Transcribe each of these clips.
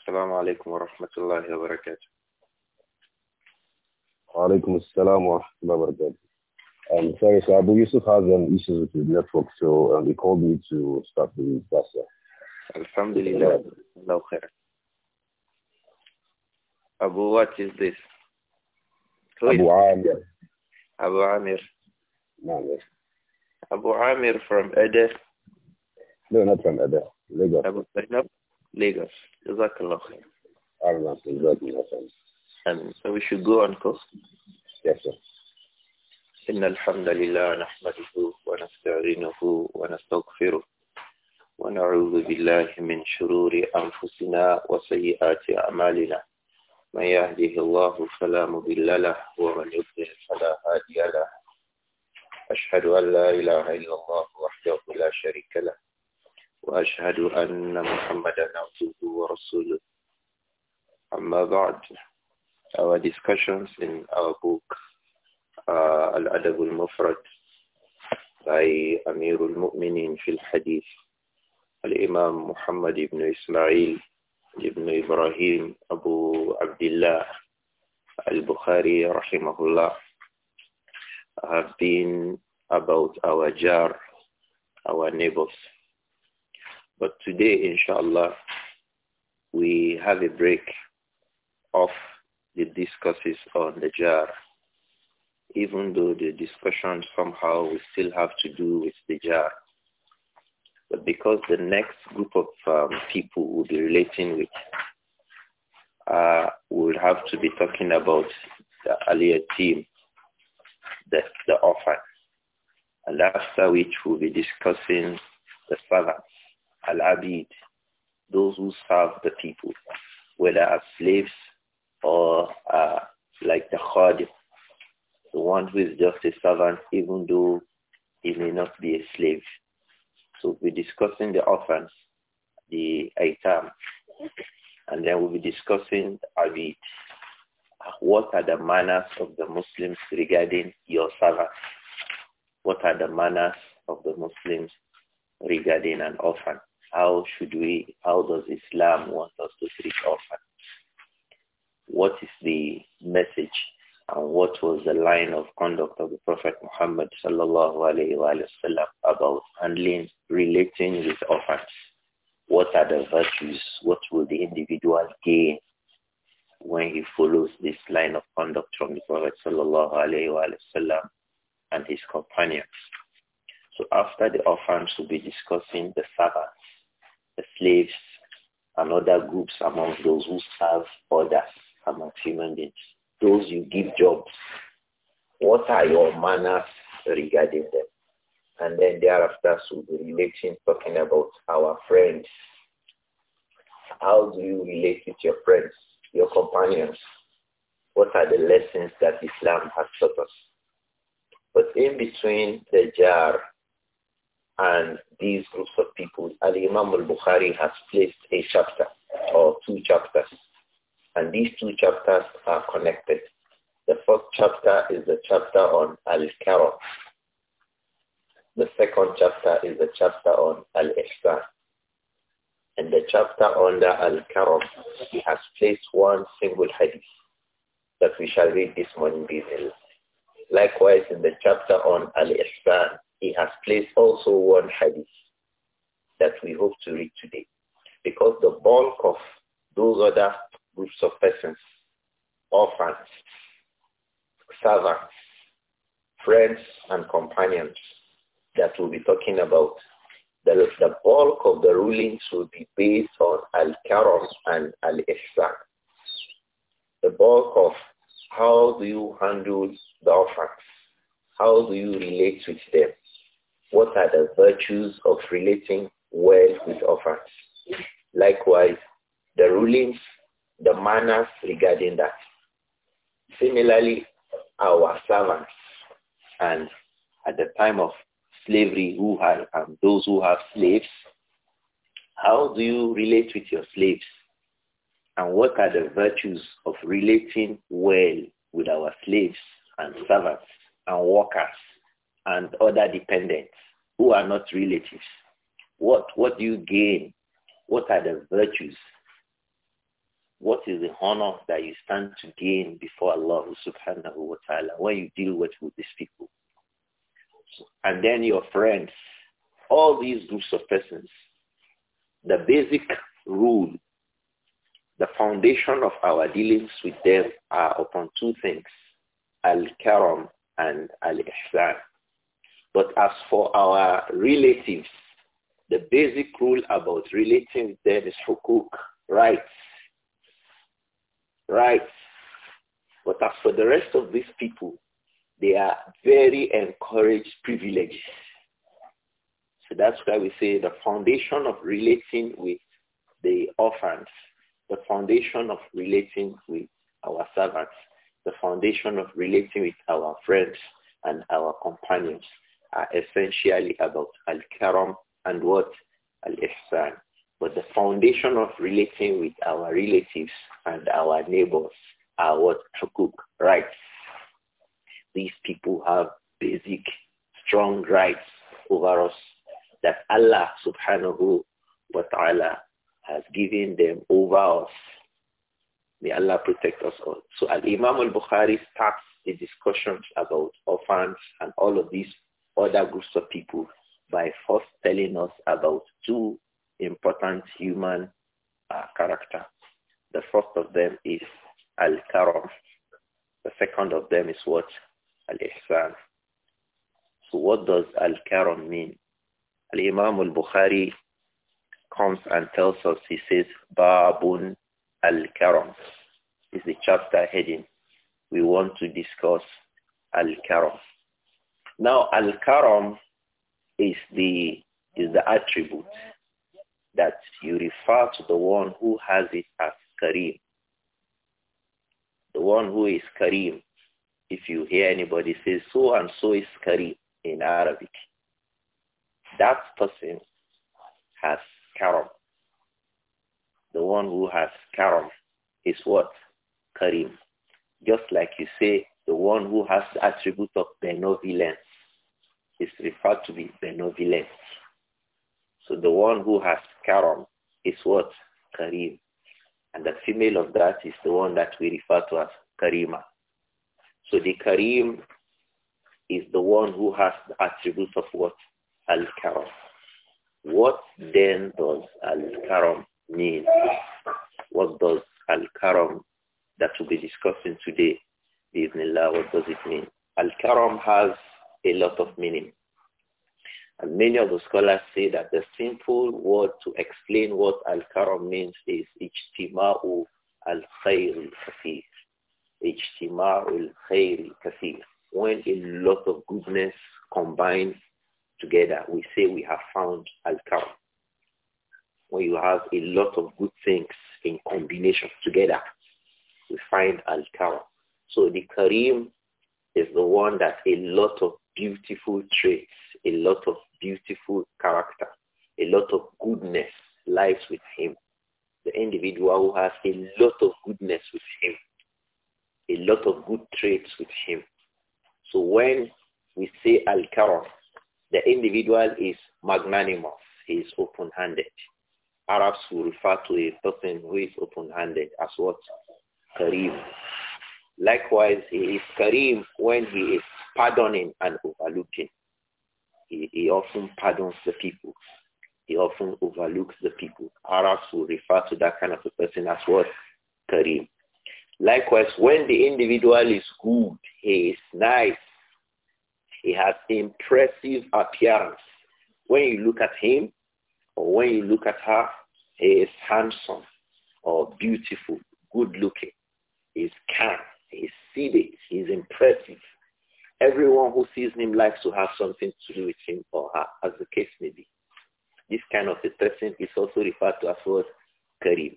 السلام عليكم ورحمة الله وبركاته وعليكم السلام ورحمة الله وبركاته um, sorry, so Abu Yusuf has um, issues with his network, so um, he called me to start the class. Alhamdulillah. Allah khair. Abu, what is this? Who Abu Amir. Abu Amir. Amir. Abu Amir from Ede. No, not from Ede. Lagos. Abu Zainab. ليغاس جزاك الله خير الله you, Amen. So we should go إن الحمد لله نحمده ونستعينه ونستغفره ونعوذ بالله من شرور أنفسنا وسيئات أعمالنا من يهده الله فلا مضل له ومن يضلل فلا هادي له أشهد أن لا إله إلا الله وحده لا شريك له وأشهد أن محمدا عبده ورسوله أما بعد our discussions in our book uh, المفرد adab by أمير المؤمنين في الحديث الإمام محمد بن إسماعيل بن إبراهيم أبو عبد الله البخاري رحمه الله have been about our jar, our neighbors But today, inshallah, we have a break of the discourses on the jar. Even though the discussion somehow will still have to do with the jar. But because the next group of um, people we'll be relating with uh, will have to be talking about the earlier team, the, the orphan. And after which we'll be discussing the servant al-abid, those who serve the people, whether as slaves or uh, like the khadim, the one who is just a servant, even though he may not be a slave. So we'll be discussing the orphans, the aitam, and then we'll be discussing abid. What are the manners of the Muslims regarding your servant? What are the manners of the Muslims regarding an orphan? How should we, how does Islam want us to treat orphans? What is the message and what was the line of conduct of the Prophet Muhammad sallallahu alayhi wa about handling, relating with orphans? What are the virtues? What will the individual gain when he follows this line of conduct from the Prophet sallallahu alayhi wa and his companions? So after the orphans, we'll be discussing the servants slaves and other groups among those who serve others among human beings, those you give jobs. What are your manners regarding them? And then thereafter, so we'll be relating, talking about our friends. How do you relate with your friends, your companions? What are the lessons that Islam has taught us? But in between the jar and these groups of people, Al-Imam al-Bukhari has placed a chapter or two chapters. And these two chapters are connected. The first chapter is the chapter on Al-Karam. The second chapter is the chapter on Al-Ihsan. And the chapter under Al-Karam, he has placed one single hadith that we shall read this morning. Likewise, in the chapter on Al-Ihsan, he has placed also one hadith that we hope to read today. Because the bulk of those other groups of persons, orphans, servants, friends and companions that we'll be talking about, the, the bulk of the rulings will be based on al-karam and al-ihsan. The bulk of how do you handle the orphans? How do you relate with them? What are the virtues of relating well with others? Likewise, the rulings, the manners regarding that. Similarly, our servants and at the time of slavery who have, and um, those who have slaves, how do you relate with your slaves? And what are the virtues of relating well with our slaves and servants and workers? and other dependents who are not relatives? What, what do you gain? What are the virtues? What is the honor that you stand to gain before Allah subhanahu wa ta'ala when you deal with, with these people? And then your friends, all these groups of persons, the basic rule, the foundation of our dealings with them are upon two things, al-karam and al-ihsan. But as for our relatives, the basic rule about relating with them is cook, rights. Rights. But as for the rest of these people, they are very encouraged privileges. So that's why we say the foundation of relating with the orphans, the foundation of relating with our servants, the foundation of relating with our friends and our companions, are essentially about al-karam and what? Al-ihsan. But the foundation of relating with our relatives and our neighbors are what hukuk, rights. These people have basic, strong rights over us that Allah subhanahu wa ta'ala has given them over us. May Allah protect us all. So Al-Imam al-Bukhari starts the discussions about orphans and all of these other groups of people by first telling us about two important human uh, character. The first of them is Al-Karam. The second of them is what? Al-Ihsan. So what does Al-Karam mean? Al-Imam al-Bukhari comes and tells us, he says, Babun Al-Karam is the chapter heading. We want to discuss Al-Karam. Now, al-karam is the is the attribute that you refer to the one who has it as kareem. The one who is kareem. If you hear anybody say so and so is kareem in Arabic, that person has karam. The one who has karam is what? Kareem. Just like you say, the one who has the attribute of benevolence is referred to be benevolent. So the one who has karam is what? Karim. And the female of that is the one that we refer to as karima. So the karim is the one who has the attributes of what? Al-karam. What then does al-karam mean? What does al-karam that we'll be discussing today, Bismillah, what does it mean? Al-karam has a lot of meaning. And many of the scholars say that the simple word to explain what al-karam means is ijtima'u al-khayr al-kathir. Ijtima'u al-khayr al-kathir. When a lot of goodness combines together, we say we have found al-karam. When you have a lot of good things in combination together, we find al-karam. So the karim is the one that a lot of beautiful traits, a lot of beautiful character, a lot of goodness lies with him. The individual who has a lot of goodness with him, a lot of good traits with him. So when we say al-karam, the individual is magnanimous, he is open-handed. Arabs will refer to a person who is open-handed as what? Kareem. Likewise, he is Kareem when he is pardoning and overlooking. He, he often pardons the people. He often overlooks the people. Arabs will refer to that kind of a person as what? Kareem. Likewise, when the individual is good, he is nice, he has impressive appearance. When you look at him or when you look at her, he is handsome or beautiful, good looking, he is kind, sees; sedate. He's impressive. Everyone who sees him likes to have something to do with him or her, as the case may be. This kind of a person is also referred to as what? Karim.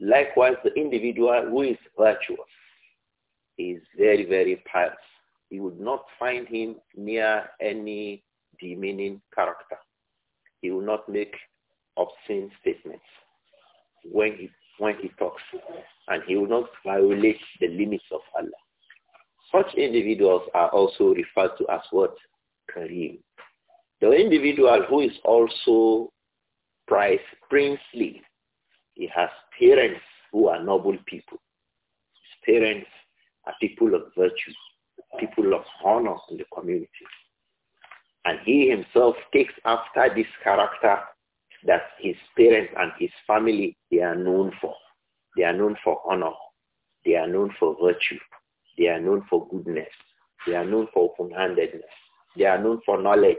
Likewise, the individual who is virtuous is very, very pious. You would not find him near any demeaning character. He will not make obscene statements when he, when he talks and he will not violate the limits of Allah. Such individuals are also referred to as what? Kareem. The individual who is also price princely, he has parents who are noble people. His parents are people of virtue, people of honor in the community. And he himself takes after this character that his parents and his family they are known for. They are known for honor. They are known for virtue. They are known for goodness. They are known for open-handedness. They are known for knowledge.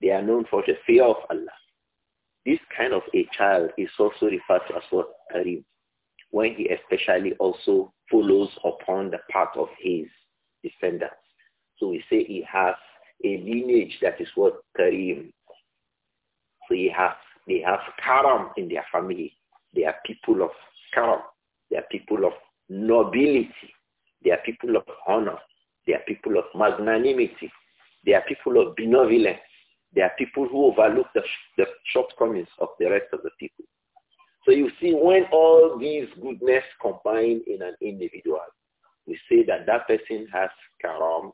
They are known for the fear of Allah. This kind of a child is also referred to as what Karim, when he especially also follows upon the path of his descendants. So we say he has a lineage that is what Karim. So he has, they have Karam in their family. They are people of Karam. They are people of nobility. They are people of honor. They are people of magnanimity. They are people of benevolence. They are people who overlook the, the shortcomings of the rest of the people. So you see, when all these goodness combine in an individual, we say that that person has karam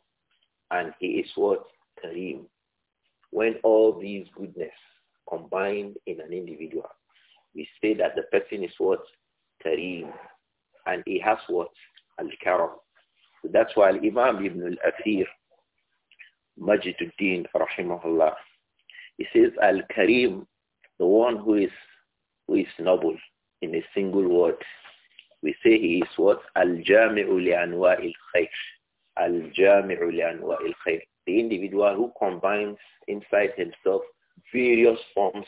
and he is what? Kareem. When all these goodness combine in an individual, we say that the person is what? Kareem. And he has what? Al-Karam. So that's why Imam Ibn al-Athir, Majiduddin, rahimahullah, he says Al-Karim, the one who is, who is noble in a single word. We say he is what? Al-Jami'u li'anwa'il khayr. Al-Jami'u li'anwa'il khayr. The individual who combines inside himself various forms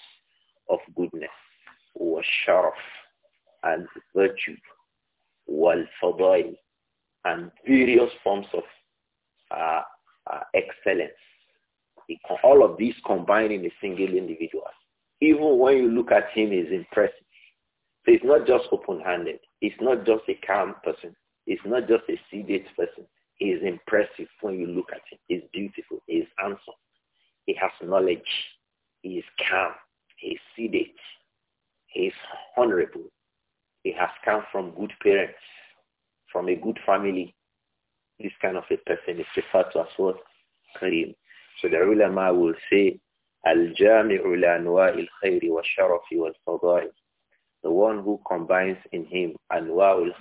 of goodness or sharaf and virtue, wal-fadail, and various forms of uh, uh, excellence. all of these combined in a single individual. Even when you look at him, he's impressive. So not just open-handed. He's not just a calm person. He's not just a sedate person. He is impressive when you look at him. He's beautiful. He is handsome. He has knowledge. He is calm. He is sedate. He is honorable. He has come from good parents, from a good family. This kind of a person is referred to as what? Kareem. So the ulama will say, Al-Jami'u al khayri wa sharafi wal fadail. The one who combines in him al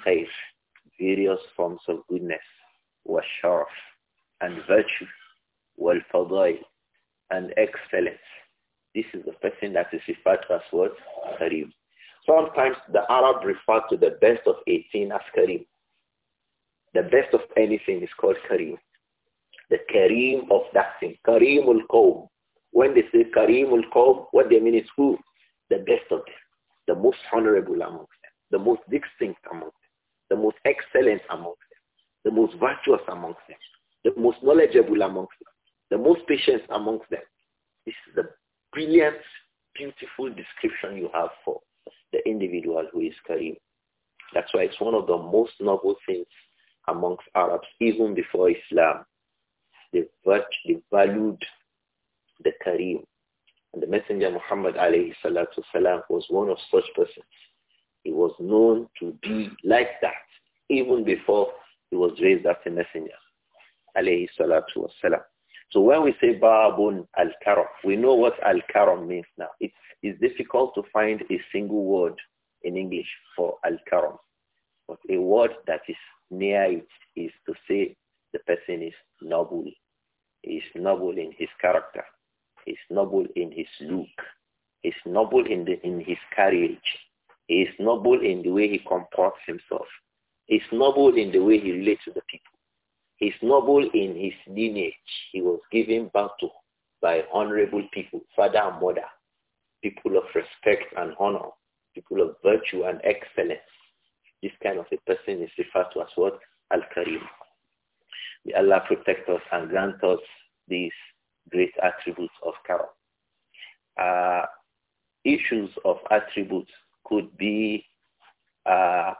khayr, various forms of goodness, wa sharaf, and virtue, wal fadail, and excellence. This is the person that is referred to as what? Kareem. Sometimes the Arab refer to the best of 18 as Karim. The best of anything is called Karim. The Karim of that thing. Karim will come. When they say Karim will come, what they mean is who? The best of them. The most honorable amongst them. The most distinct amongst them. The most excellent amongst them. The most virtuous amongst them. The most knowledgeable amongst them. The most patient amongst them. This is the brilliant, beautiful description you have for the individual who is Karim. That's why it's one of the most noble things amongst Arabs, even before Islam. They, they valued the Karim. And the Messenger Muhammad alayhi salatu salam was one of such persons. He was known to be like that, even before he was raised as a messenger. Alayhi salatu So when we say Babun al-Karam, we know what al-Karam means now. It's it's difficult to find a single word in English for al-karam. But a word that is near it is to say the person is noble. He is noble in his character. He is noble in his look. He is noble in, the, in his carriage. He is noble in the way he comports himself. He is noble in the way he relates to the people. He is noble in his lineage. He was given birth to by honorable people, father and mother people of respect and honor, people of virtue and excellence. This kind of a person is referred to as what? Al-Karim. May Allah protect us and grant us these great attributes of Karam. Uh, issues of attributes could be uh,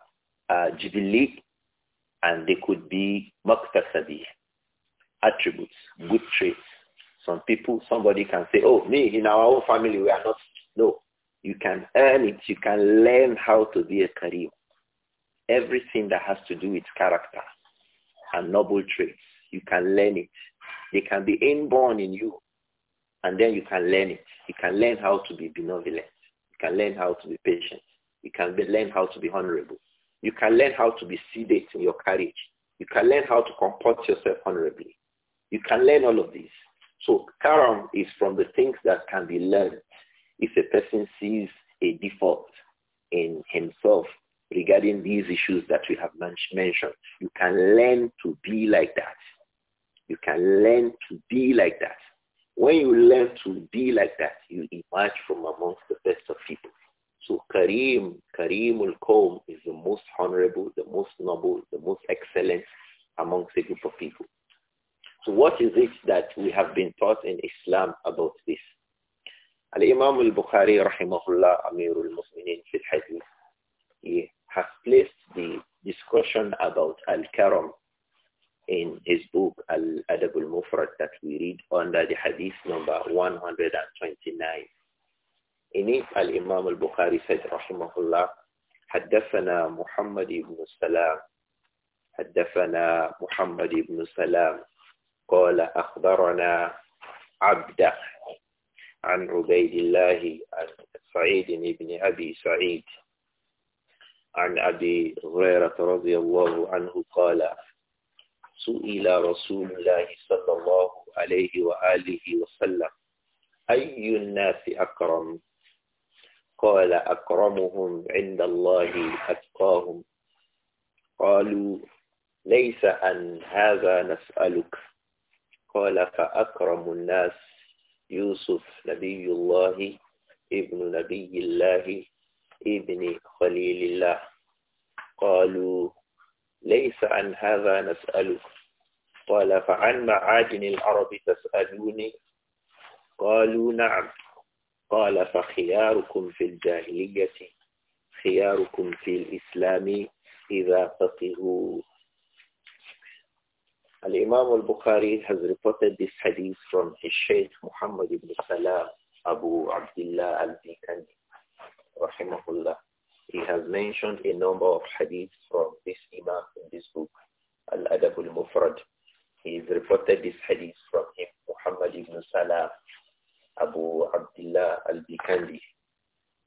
uh, and they could be Maktasabi. Attributes, good traits. Some people, somebody can say, oh, me, in our own family, we are not no. You can earn it. You can learn how to be a Karim. Everything that has to do with character and noble traits, you can learn it. They can be inborn in you, and then you can learn it. You can learn how to be benevolent. You can learn how to be patient. You can be, learn how to be honorable. You can learn how to be sedate in your courage. You can learn how to comport yourself honorably. You can learn all of these. So karam is from the things that can be learned. If a person sees a default in himself regarding these issues that we have mentioned, you can learn to be like that. You can learn to be like that. When you learn to be like that, you emerge from amongst the best of people. So Kareem, Kareem ul qawm is the most honorable, the most noble, the most excellent amongst a group of people. So what is it that we have been taught in Islam about this? imam al-Bukhari, rahimahullah, Amirul Muslimin fil Hadith, he has placed the discussion about Al-Karam in his book Al-Adab al-Mufrad that we read under the Hadith number 129. In it, Al-Imam al-Bukhari said, rahimahullah, حدثنا محمد بن سلام حدثنا محمد بن سلام قال أخبرنا عبده عن عبيد الله عن سعيد بن أبي سعيد عن أبي هريرة رضي الله عنه قال سئل رسول الله صلى الله عليه وآله وسلم أي الناس أكرم قال أكرمهم عند الله أتقاهم قالوا ليس أن هذا نسألك قال فأكرم الناس يوسف نبي الله ابن نبي الله ابن خليل الله قالوا ليس عن هذا نسألك قال فعن معادن العرب تسألوني قالوا نعم قال فخياركم في الجاهلية خياركم في الإسلام إذا فقهوا Al-Imam al-Bukhari has reported this hadith from his Shaykh Muhammad ibn Salam Abu Abdullah al dikani rahimahullah. He has mentioned a number of hadiths from this Imam in this book, Al-Adab al-Mufrad. He has reported this hadith from him, Muhammad ibn Salam Abu Abdullah al-Bikandi,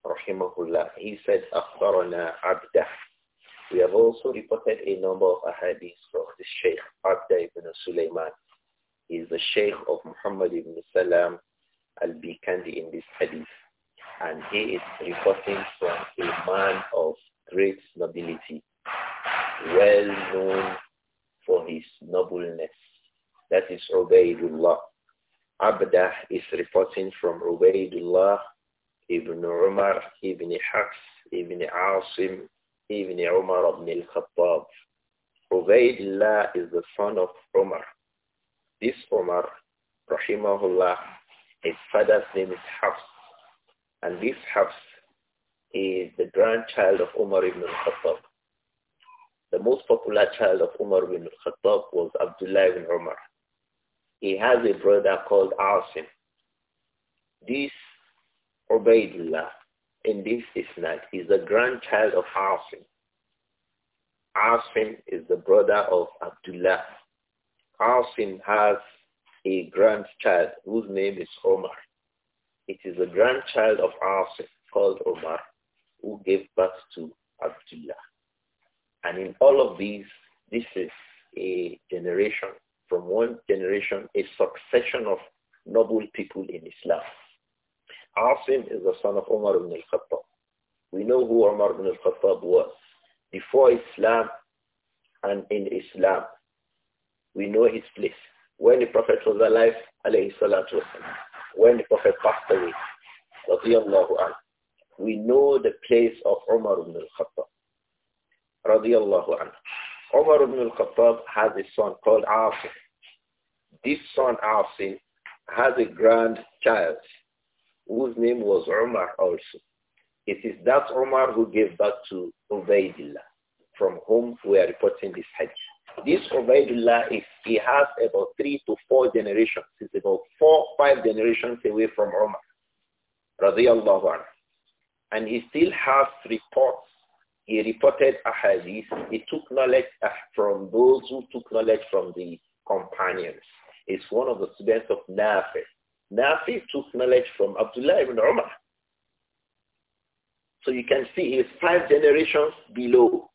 rahimahullah. He said, أخبرنا عبده we have also reported a number of ahadith from the Sheikh Abda ibn Sulaiman. He is the Sheikh of Muhammad ibn Salam al-Bikandi in this hadith. And he is reporting from a man of great nobility, well known for his nobleness. That is Ubaidullah. Abda is reporting from Ubaidullah ibn Umar ibn Hafs ibn Asim ibn Umar ibn al-Khattab. Ubaidullah is the son of Umar. This Umar, rahimahullah, his father's name is Hafs. And this Hafs is the grandchild of Umar ibn al-Khattab. The most popular child of Umar ibn al-Khattab was Abdullah ibn Umar. He has a brother called Asim. This Ubaidullah in this isnad is the grandchild of Asim. Asim is the brother of Abdullah. Asim has a grandchild whose name is Omar. It is the grandchild of Asim called Omar who gave birth to Abdullah. And in all of these, this is a generation, from one generation, a succession of noble people in Islam. Asim is the son of Umar ibn al-Khattab. We know who Umar ibn al-Khattab was. Before Islam and in Islam, we know his place. When the Prophet was alive, alayhi salatu when the Prophet passed away, radiallahu anhu, we know the place of Umar ibn al-Khattab, radiallahu anhu. Umar ibn al-Khattab has a son called Asim. This son, Asim, has a grandchild whose name was Omar. also. It is that Omar who gave back to Ubaidullah, from whom we are reporting this hadith. This Ubaidullah, is, he has about three to four generations. He's about four, five generations away from Omar, radiallahu anhu. And he still has reports. He reported a hadith. He took knowledge uh, from those who took knowledge from the companions. He's one of the students of Nafis Nafi took knowledge from Abdullah ibn Umar. So you can see he's five generations below.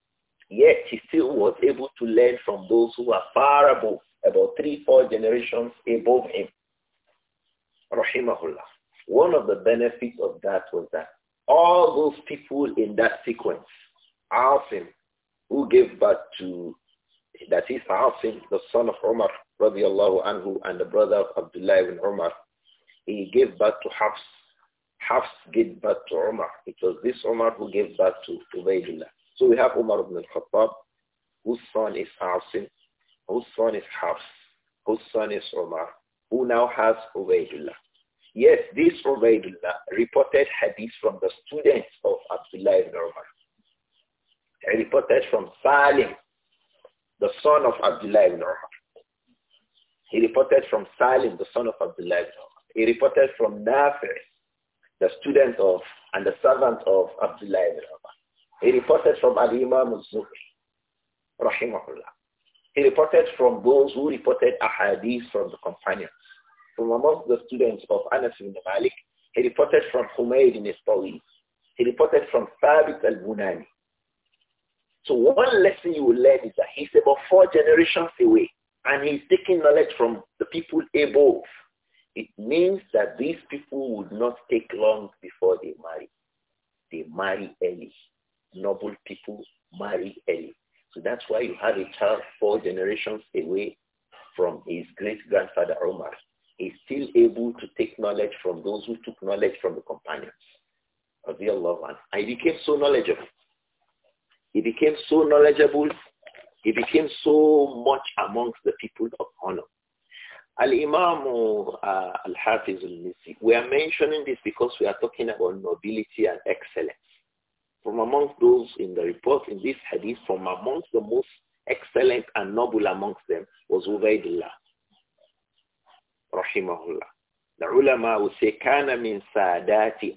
Yet he still was able to learn from those who are far above, about three, four generations above him. Rahimahullah. One of the benefits of that was that all those people in that sequence, Asim, who gave birth to, that is Asim, the son of Umar, radiallahu anhu, and the brother of Abdullah ibn Umar, he gave birth to Hafs. Hafs gave birth to Umar. It was this Umar who gave birth to Ubaidullah. So we have Umar ibn al-Khattab, whose son is Asim, whose son is Hafs, whose son is Umar, who now has Ubaidullah. Yes, this Ubaidullah reported hadith from the students of Abdullah ibn Umar. He reported from Salim, the son of Abdullah ibn Umar. He reported from Salim, the son of Abdullah ibn Umar. He reported from Nafis, the student of and the servant of Abdullah ibn Umar. He reported from Al-Imam al-Zuhri, rahimahullah. He reported from those who reported ahadith from the companions. From among the students of Anas ibn Malik, he reported from Humayd ibn Istawi. He reported from Thabit al-Bunani. So one lesson you will learn is that he's about four generations away, and he's taking knowledge from the people above. It means that these people would not take long before they marry. They marry early. Noble people marry early. So that's why you have a child four generations away from his great-grandfather Omar. He's still able to take knowledge from those who took knowledge from the companions of the Allah. And he became so knowledgeable. He became so knowledgeable. He became so much amongst the people of honor. Al-Imam uh, Al-Hafiz al we are mentioning this because we are talking about nobility and excellence. From amongst those in the report in this hadith, from amongst the most excellent and noble amongst them was Ubaidullah, rahimahullah. The ulama would say, kana min sadati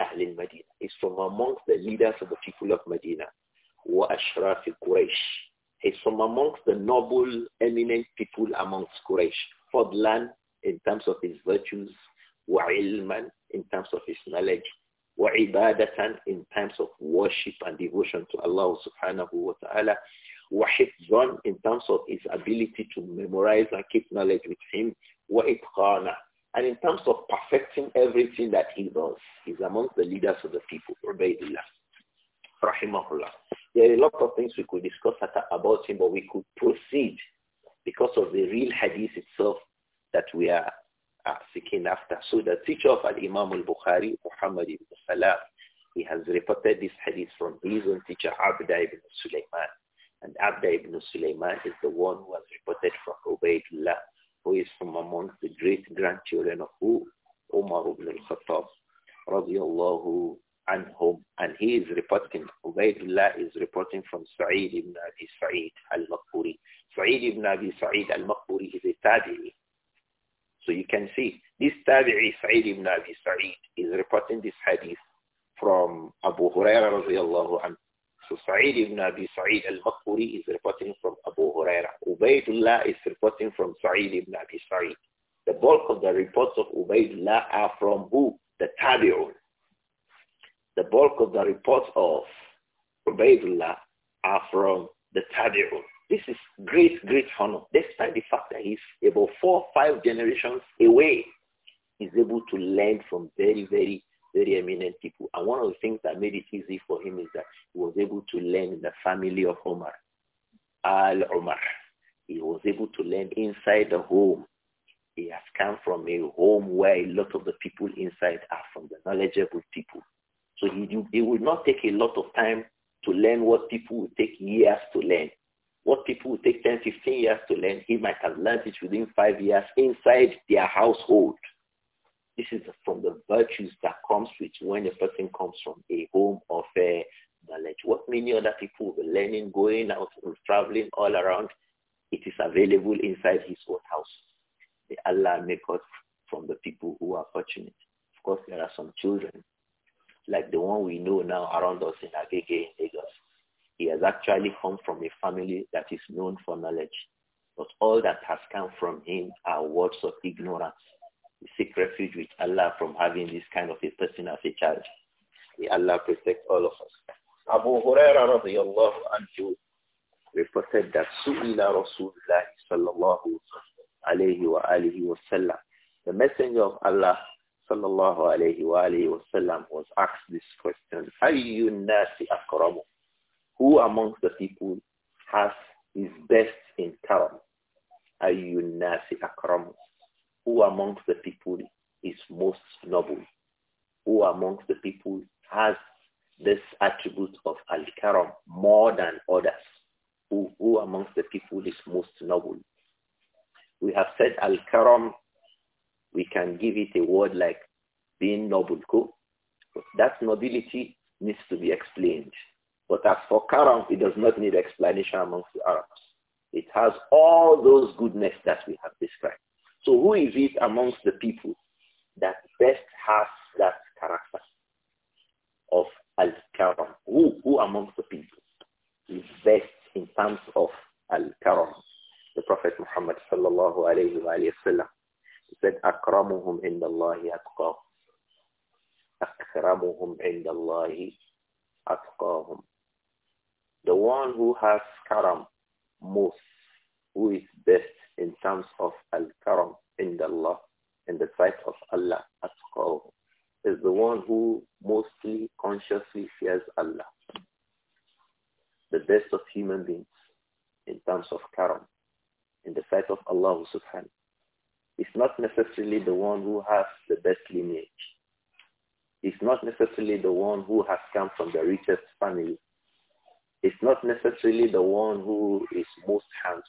from amongst the leaders of the people of Medina. Wa ashrafi Quraysh. He's from amongst the noble, eminent people amongst Quraysh fadlan in terms of his virtues, wa ilman in terms of his knowledge, wa ibadatan in terms of worship and devotion to Allah subhanahu wa ta'ala, wa hifzan in terms of his ability to memorize and keep knowledge with him, wa itqana and in terms of perfecting everything that he does, he's amongst the leaders of the people, Ubaidullah, Rahimahullah. There are a lot of things we could discuss about him, but we could proceed because of the real hadith itself that we are uh, seeking after. So the teacher of Al-Imam al-Bukhari, Muhammad ibn Salam, he has reported this hadith from his own teacher, Abda ibn Sulaiman. And Abda ibn Sulaiman is the one who has reported from Ubaidullah, who is from amongst the great grandchildren of who? Umar ibn al-Khattab, radiallahu anhum, and he is reporting, Ubaidullah is reporting from Sa'id ibn Abi Sa'id al-Maqburi. Sa'id ibn Abi Sa'id al-Maqburi is a tabi'i. So you can see, this tabi'i, Sa'id ibn Abi Sa'id, is reporting this hadith from Abu Huraira radiallahu anhu. So Sa'id ibn Abi Sa'id al-Maqburi is reporting from Abu Huraira. Ubaidullah is reporting from Sa'id ibn Abi Sa'id. The bulk of the reports of Ubaidullah are from who? The Tabi'un. The bulk of the reports of Ubaidullah are from the Tabi'un. This is great, great honor. Despite the fact that he's about four, five generations away, he's able to learn from very, very, very eminent people. And one of the things that made it easy for him is that he was able to learn in the family of Omar, Al-Omar. He was able to learn inside the home. He has come from a home where a lot of the people inside are from the knowledgeable people. So you, you, it will not take a lot of time to learn what people will take years to learn. What people will take 10, 15 years to learn, he might have learned it within five years inside their household. This is from the virtues that comes with when a person comes from a home of a uh, knowledge. What many other people will be learning, going out, traveling all around, it is available inside his own house. May Allah make us from the people who are fortunate. Of course, there are some children like the one we know now around us in Agege in Lagos. He has actually come from a family that is known for knowledge. But all that has come from him are words of ignorance. We seek refuge with Allah from having this kind of a person as a child. May Allah protect all of us. Abu Huraira radiallahu anhu reported that Su'ila Rasulullah sallallahu alayhi wa alihi wa sallam. The messenger of Allah sallallahu alayhi wa alayhi wasallam was asked this question, Ayyun nasi akramu? Who amongst the people has his best in karam? Ayyun nasi akramu? Who amongst the people is most noble? Who amongst the people has this attribute of al-karam more than others? Who, who amongst the people is most noble? We have said al-karam we can give it a word like being noble. That nobility needs to be explained. But as for Karam, it does not need explanation amongst the Arabs. It has all those goodness that we have described. So who is it amongst the people that best has that character of Al-Karam? Who, who amongst the people is best in terms of Al-Karam? The Prophet Muhammad sallallahu alayhi wa sallam said, The one who has karam most, who is best in terms of al-karam in Allah, in the sight of Allah, atqahu, is the one who mostly consciously fears Allah. The best of human beings in terms of karam, in the sight of Allah subhanahu is not necessarily the one who has the best lineage. It's not necessarily the one who has come from the richest family. It's not necessarily the one who is most handsome.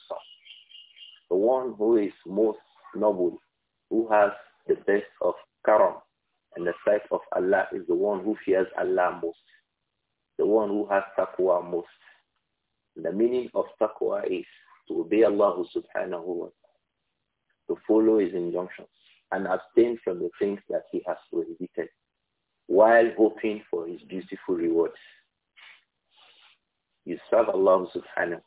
The one who is most noble, who has the best of karam and the sight of Allah is the one who fears Allah most, the one who has taqwa most. The meaning of taqwa is to obey Allah subhanahu wa to follow his injunctions and abstain from the things that he has prohibited while hoping for his beautiful rewards. You serve Allah subhanahu.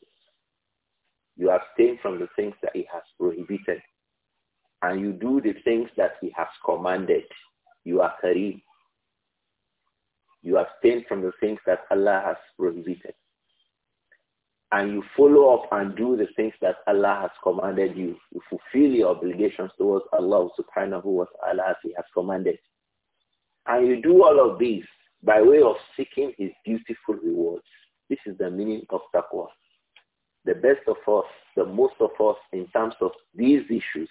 You abstain from the things that he has prohibited. And you do the things that he has commanded. You are kareem. You abstain from the things that Allah has prohibited and you follow up and do the things that Allah has commanded you. You fulfill your obligations towards Allah subhanahu wa ta'ala as he has commanded. And you do all of these by way of seeking his beautiful rewards. This is the meaning of taqwa. The best of us, the most of us in terms of these issues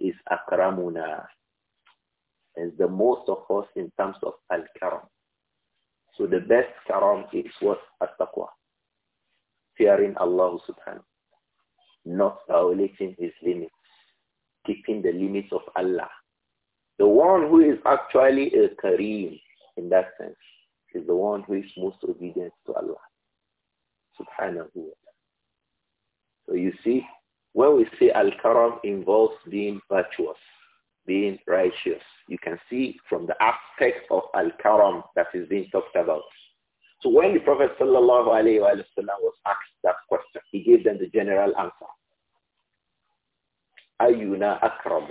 is akramuna. And the most of us in terms of al-karam. So the best karam is what? At-taqwa fearing Allah subhanahu, not violating his limits, keeping the limits of Allah. The one who is actually a Kareem in that sense is the one who is most obedient to Allah subhanahu wa ta'ala. So you see, when we say Al-Karam involves being virtuous, being righteous, you can see from the aspect of Al-Karam that is being talked about so when the Prophet sallallahu alaihi wasallam was asked that question, he gave them the general answer. Ayuna akramu.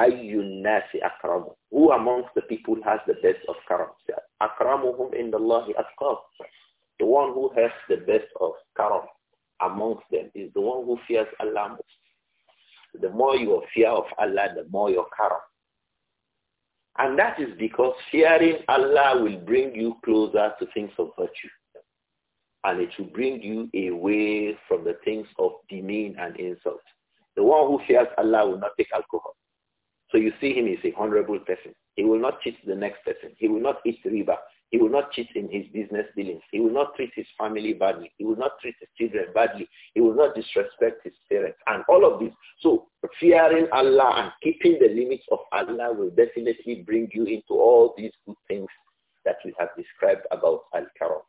Ayunnasi akramu. Who amongst the people has the best of karam? Akramuhum indallahi atqab. The one who has the best of karam amongst them is the one who fears Allah most. The more your fear of Allah, the more your karam. And that is because fearing Allah will bring you closer to things of virtue. And it will bring you away from the things of demean and insult. The one who fears Allah will not take alcohol. So you see him is a honorable person. He will not cheat the next person. He will not eat riba. He will not cheat in his business dealings. He will not treat his family badly. He will not treat his children badly. He will not disrespect his parents and all of this. So fearing Allah and keeping the limits of Allah will definitely bring you into all these good things that we have described about Al-Karam.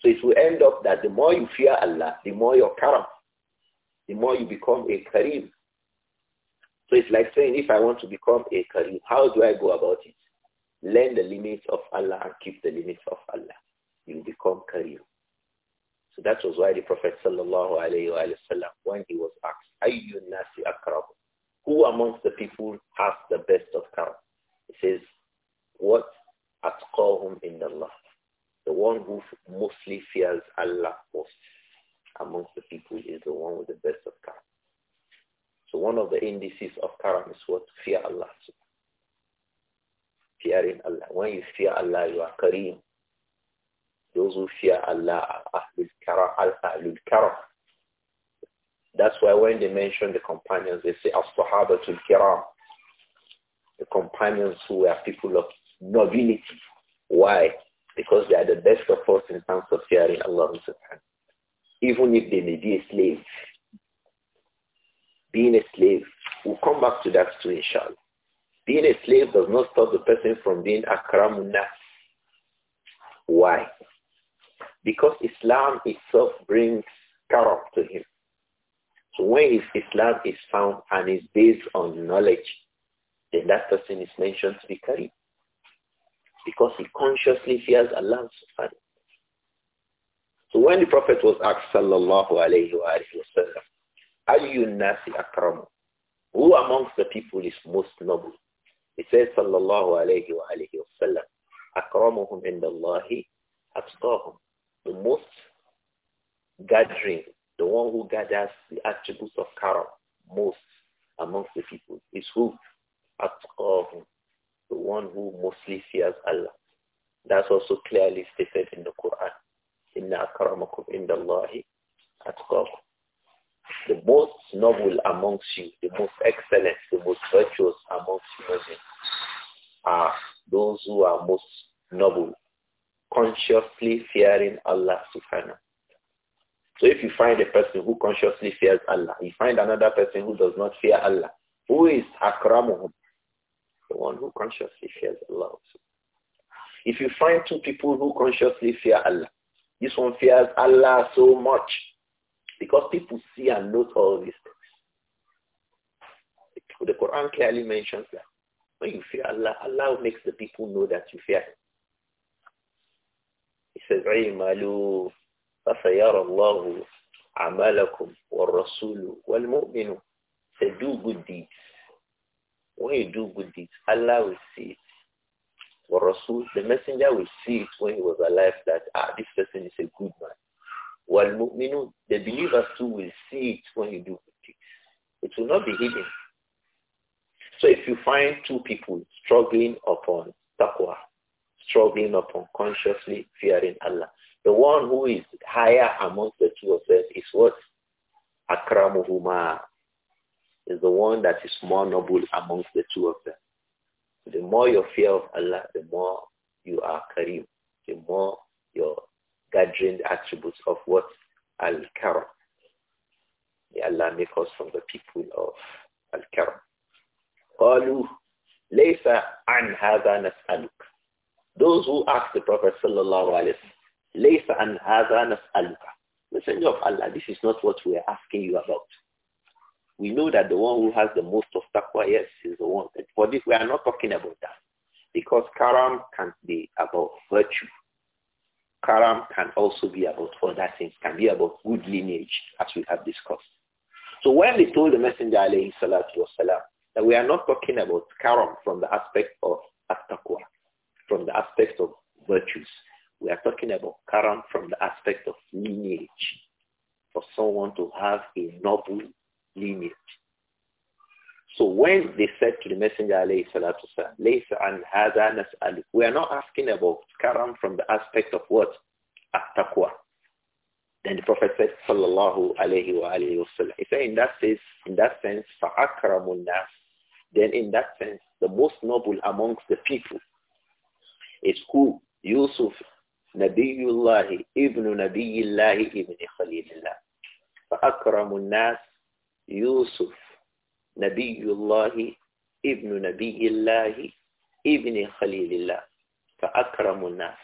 So it will end up that the more you fear Allah, the more your Karam, the more you become a Karim, so it's like saying, if I want to become a Karim, how do I go about it? Learn the limits of Allah and keep the limits of Allah. You become Karim. So that was why the Prophet sallallahu alayhi wa sallam, when he was asked, "Ayyu nasi akrab? Who amongst the people has the best of karam? He says, what atqahum in Allah? The one who mostly fears Allah most amongst the people is the one with the best of karam. So one of the indices of karam is what? Fear Allah. Fearing Allah. When you fear Allah, you are kareem. Those who fear Allah are ahlul karam. That's why when they mention the companions, they say as-sahabatul kiram. The companions who are people of nobility. Why? Because they are the best of us in terms of fearing Allah subhanahu. Even if they may be a slave, being a slave. We'll come back to that too, inshallah. Being a slave does not stop the person from being akramun nafs. Why? Because Islam itself brings karam to him. So when Islam is found and is based on knowledge, then that person is mentioned to be karim. Because he consciously fears Allah subhanahu. So when the Prophet was asked, sallallahu alayhi wa sallam, akramu. Who amongst the people is most noble? It says, sallallahu alayhi wa alayhi wa sallam, akramuhum atqahum. The most gathering, the one who gathers the attributes of karam most amongst the people is who? Atqahum. The one who mostly fears Allah. That's also clearly stated in the Quran. Inna akramakum indallahi atqakum the most noble amongst you, the most excellent, the most virtuous amongst you, are those who are most noble, consciously fearing Allah subhanahu. So if you find a person who consciously fears Allah, you find another person who does not fear Allah. Who is akramuhum? The one who consciously fears Allah. If you find two people who consciously fear Allah, this one fears Allah so much because people see and note all these things. The Quran clearly mentions that when you fear Allah, Allah makes the people know that you fear Him. He says, "Imalu, فَسَيَرَ اللَّهُ عَمَلَكُمْ وَالرَّسُولُ وَالْمُؤْمِنُ Say, do good deeds. When you do good deeds, Allah will see it. the messenger will see it when he was alive that ah, this person is a good man. While mu'minun, the believers too will it when you do it. It will not be hidden. So if you find two people struggling upon taqwa, struggling upon consciously fearing Allah, the one who is higher amongst the two of them is what? Akramuhuma is the one that is more noble amongst the two of them. The more your fear of Allah, the more you are Karim, the more your gathering attributes of what and make us from the people of Al-Karam. قالوا ليس عن هذا نسألك. Those who ask the Prophet sallallahu alaihi wasallam, ليس عن هذا نسألك. Messenger of Allah, this is not what we are asking you about. We know that the one who has the most of taqwa, yes, is the one. And for this, we are not talking about that. Because karam can be about virtue. Karam can also be about other things, can be about good lineage, as we have discussed. So when they told the Messenger alayhi salatu wasalam that we are not talking about karam from the aspect of attaqwa, from the aspect of virtues. We are talking about karam from the aspect of lineage, for someone to have a noble lineage. So when they said to the Messenger alayhi salatu wasalam, we are not asking about karam from the aspect of what? Attaqwa. Prophet sallallahu alayhi wa alayhi wa sallam. He said in that sense, in that sense, فَأَكْرَمُ nas. Then in that sense, the most noble amongst the people is who? Yusuf, Nabiyullah, Ibn Nabiyullah, Ibn Khalilullah. فَأَكْرَمُ النَّاسِ Nabi نبي ibn ابن نبي الله ابن خليل الله فأكرم الناس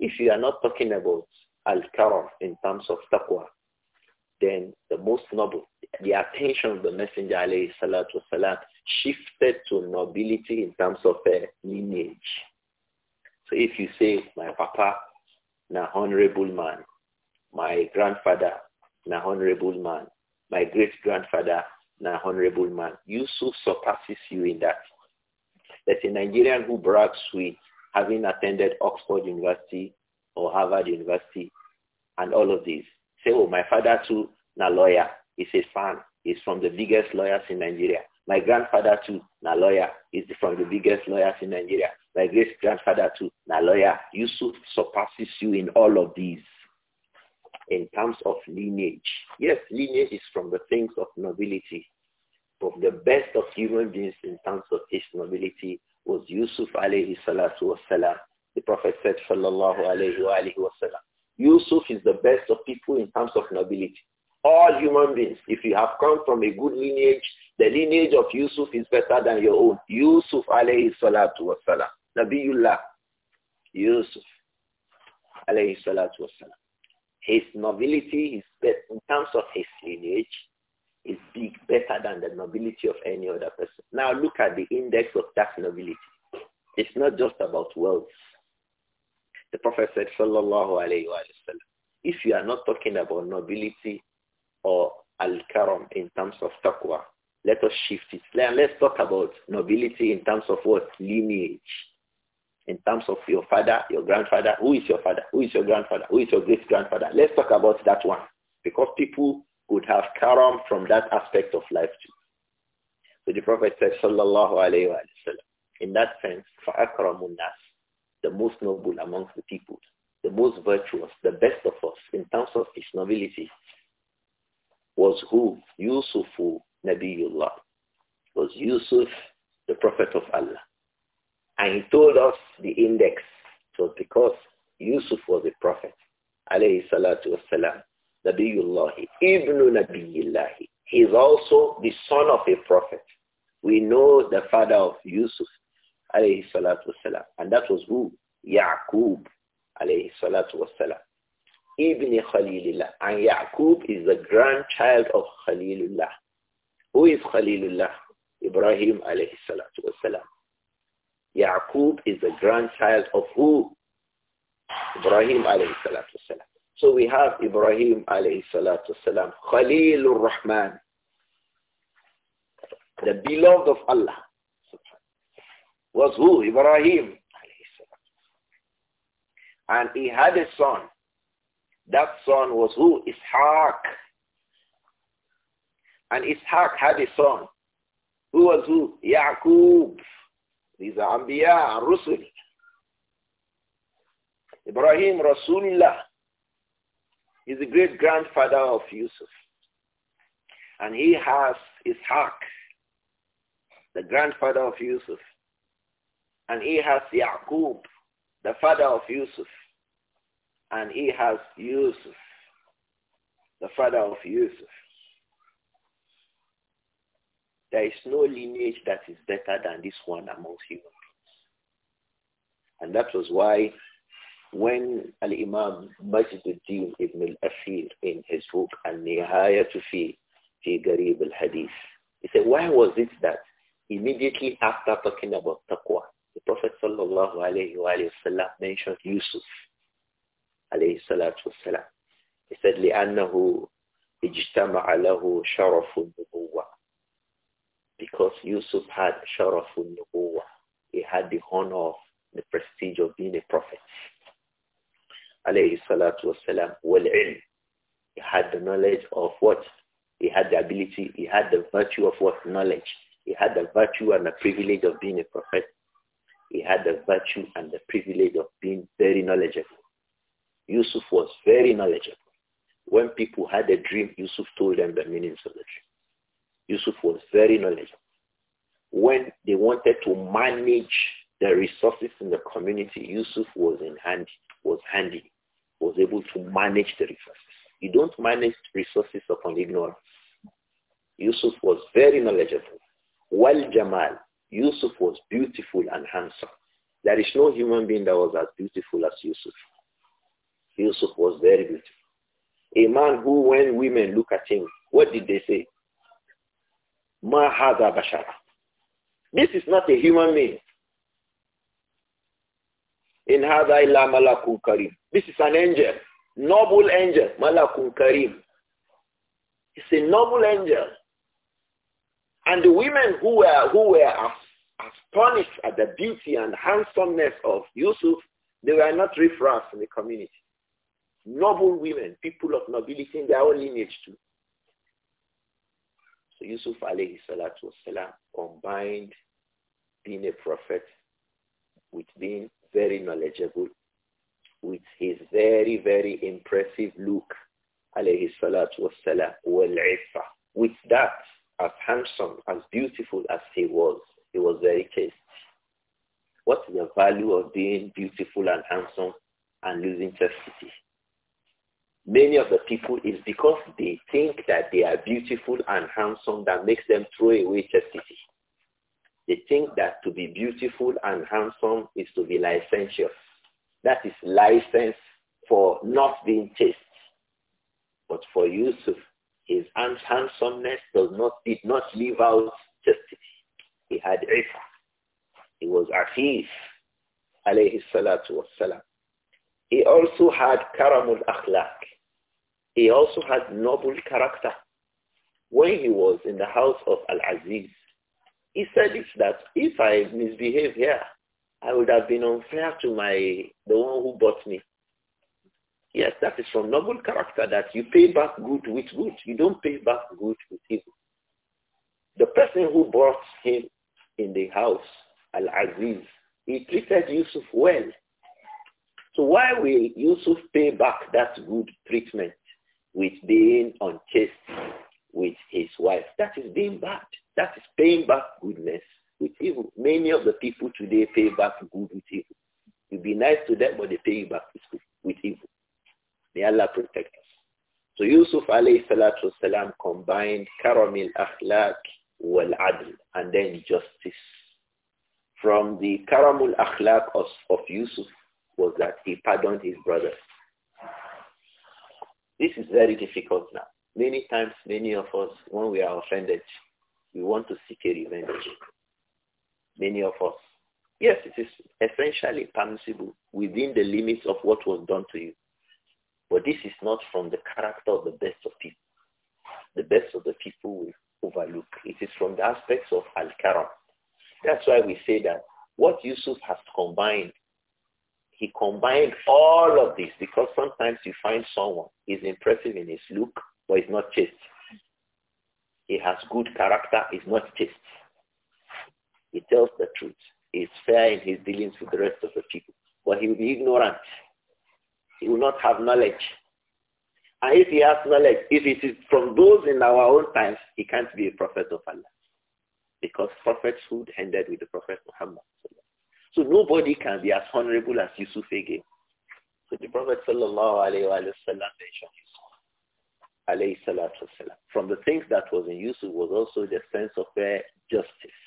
if you are not talking about al-karam in terms of taqwa then the most noble, the attention of the Messenger alayhi salatu wasalam shifted to nobility in terms of uh, lineage. So if you say, my papa, na honorable man, my grandfather, na honorable man, my great-grandfather, na honorable man, Yusuf surpasses you in that. There's a Nigerian who brags with having attended Oxford University or Harvard University and all of these. Say, oh, my father too, na lawyer. He's a fan. He's from the biggest lawyers in Nigeria. My grandfather too, na lawyer. He's from the biggest lawyers in Nigeria. My great grandfather too, na lawyer. Yusuf surpasses you in all of these in terms of lineage. Yes, lineage is from the things of nobility. But the best of human beings in terms of his nobility was Yusuf alayhi salatu wasalam. The Prophet said, sallallahu alayhi wa alayhi Yusuf is the best of people in terms of nobility. All human beings, if you have come from a good lineage, the lineage of Yusuf is better than your own. Yusuf alayhi salatu wassalam. Nabiullah. Yusuf alayhi salatu wassalam. His nobility is in terms of his lineage is big, better than the nobility of any other person. Now look at the index of that nobility. It's not just about wealth. The Prophet said, Sallallahu Alaihi Wasallam, if you are not talking about nobility or al-karam in terms of taqwa, let us shift it. Let's talk about nobility in terms of what? Lineage. In terms of your father, your grandfather, who is your father, who is your grandfather, who is your great-grandfather. Let's talk about that one. Because people would have karam from that aspect of life too. So the Prophet said, Sallallahu Alaihi Wasallam, in that sense, فَأَكْرَمُ النَّاسِ the most noble amongst the people, the most virtuous, the best of us in terms of his nobility was who? Yusufu Nabiullah. Was Yusuf, the prophet of Allah. And he told us the index. So because Yusuf was a prophet, alayhi salatu wasalam, Nabiullah, Ibn Nabiullah, He is also the son of a prophet. We know the father of Yusuf alayhi salatu wasalam. And that was who? Yaqub alayhi salatu wasalam. Ibn Khalilullah. And Yaqub is the grandchild of Khalilullah. Who is Khalilullah? Ibrahim alayhi salatu wasalam. Yaqub is the grandchild of who? Ibrahim alayhi salatu wasalam. So we have Ibrahim alayhi salatu wasalam, Khalilur Rahman, the beloved of Allah was who? Ibrahim. And he had a son. That son was who? Ishaq. And Ishaq had a son. Who was who? Yaqub. These are Anbiya and Rusul. Ibrahim Rasulullah is the great grandfather of Yusuf. And he has Ishaq, the grandfather of Yusuf. And he has Yaqub, the father of Yusuf. And he has Yusuf, the father of Yusuf. There is no lineage that is better than this one amongst human beings. And that was why when Al-Imam Majduddin ibn al-Afir in his book Al-Nihayatu fi, fi Garib al-Hadith, he said, why was it that immediately after talking about taqwa, the Prophet sallallahu alayhi wa sallam mentioned Yusuf alayhi salatu wasalam. He said, لِأَنَّهُ اجْتَمَعَ لَهُ شَرَفُ النُّبُوَّةِ Because Yusuf had شَرَفُ النُّبُوَّةِ He had the honor of the prestige of being a prophet. Alayhi salatu wasalam. وَالْعِلْمِ He had the knowledge of what? He had the ability, he had the virtue of what? Knowledge. He had the virtue and the privilege of being a prophet. He had the virtue and the privilege of being very knowledgeable. Yusuf was very knowledgeable. When people had a dream, Yusuf told them the meanings of the dream. Yusuf was very knowledgeable. When they wanted to manage the resources in the community, Yusuf was in hand, was handy, was able to manage the resources. You don't manage resources upon ignorance. Yusuf was very knowledgeable. Well, Jamal, Yusuf was beautiful and handsome. There is no human being that was as beautiful as Yusuf. Yusuf was very beautiful. A man who, when women look at him, what did they say? Mahaza Bashara. This is not a human being. In Hada illa Malakun Karim. This is an angel. Noble angel. Malakun Karim. It's a noble angel. And the women who were, who were astonished at the beauty and handsomeness of Yusuf, they were not riffraff in the community. Noble women, people of nobility in their own lineage too. So Yusuf alayhi salatu wasalam combined being a prophet with being very knowledgeable, with his very, very impressive look, alayhi salatu wasalam, with that, as handsome, as beautiful as he was, he was very chaste. What's the value of being beautiful and handsome and losing chastity? Many of the people, is because they think that they are beautiful and handsome that makes them throw away chastity. They think that to be beautiful and handsome is to be licentious. That is license for not being chaste. But for Yusuf, his handsomeness does not, did not leave out chastity. He had ifa. He was afif, alayhi salatu wassalam. He also had karamul akhlaq. He also had noble character. When he was in the house of Al-Aziz, he said it that if I misbehave here, I would have been unfair to my the one who bought me. Yes, that is from noble character that you pay back good with good. You don't pay back good with evil. The person who bought him in the house, Al-Aziz, he treated Yusuf well. So why will Yusuf pay back that good treatment with being unchaste with his wife? That is being bad. That is paying back goodness with evil. Many of the people today pay back good with evil. You be nice to them, but they pay you back with evil. May Allah protect us. So Yusuf alayhi salatu salam combined karamil akhlaq wal-adl, and then justice. From the karamul akhlaq of, of Yusuf was that he pardoned his brother. This is very difficult now. Many times, many of us, when we are offended, we want to seek a revenge. Many of us. Yes, it is essentially permissible within the limits of what was done to you. But this is not from the character of the best of people. The best of the people will overlook. It is from the aspects of Al-Karam. That's why we say that what Yusuf has combined, he combined all of this because sometimes you find someone is impressive in his look, but he's not chaste. He has good character, He's not chaste. He tells the truth. He's fair in his dealings with the rest of the people. But he will be ignorant. He will not have knowledge. And if he has knowledge, if it is from those in our own times, he can't be a prophet of Allah. Because prophethood ended with the Prophet Muhammad. So nobody can be as honorable as Yusuf again. So the Prophet sallallahu alayhi mentioned Yusuf From the things that was in Yusuf was also the sense of uh, justice.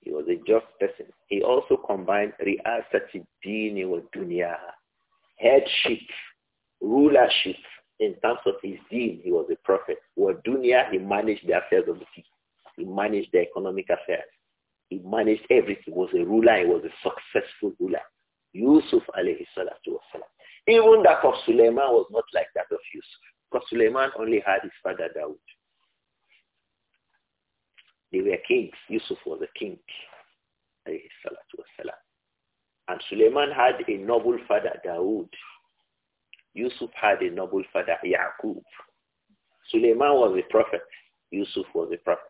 He was a just person. He also combined riasati dini wa dunya, headship rulership in terms of his deen. He was a prophet. dunya he managed the affairs of the city, He managed the economic affairs. He managed everything. He was a ruler. He was a successful ruler. Yusuf alayhi salatu wasalam. Even that of Suleiman was not like that of Yusuf. Because Suleiman only had his father Dawood. They were kings. Yusuf was a king. Alayhi salatu wasalam. And Suleiman had a noble father, Dawood, Yusuf had a noble father, Yaqub. Suleiman was a prophet. Yusuf was a prophet.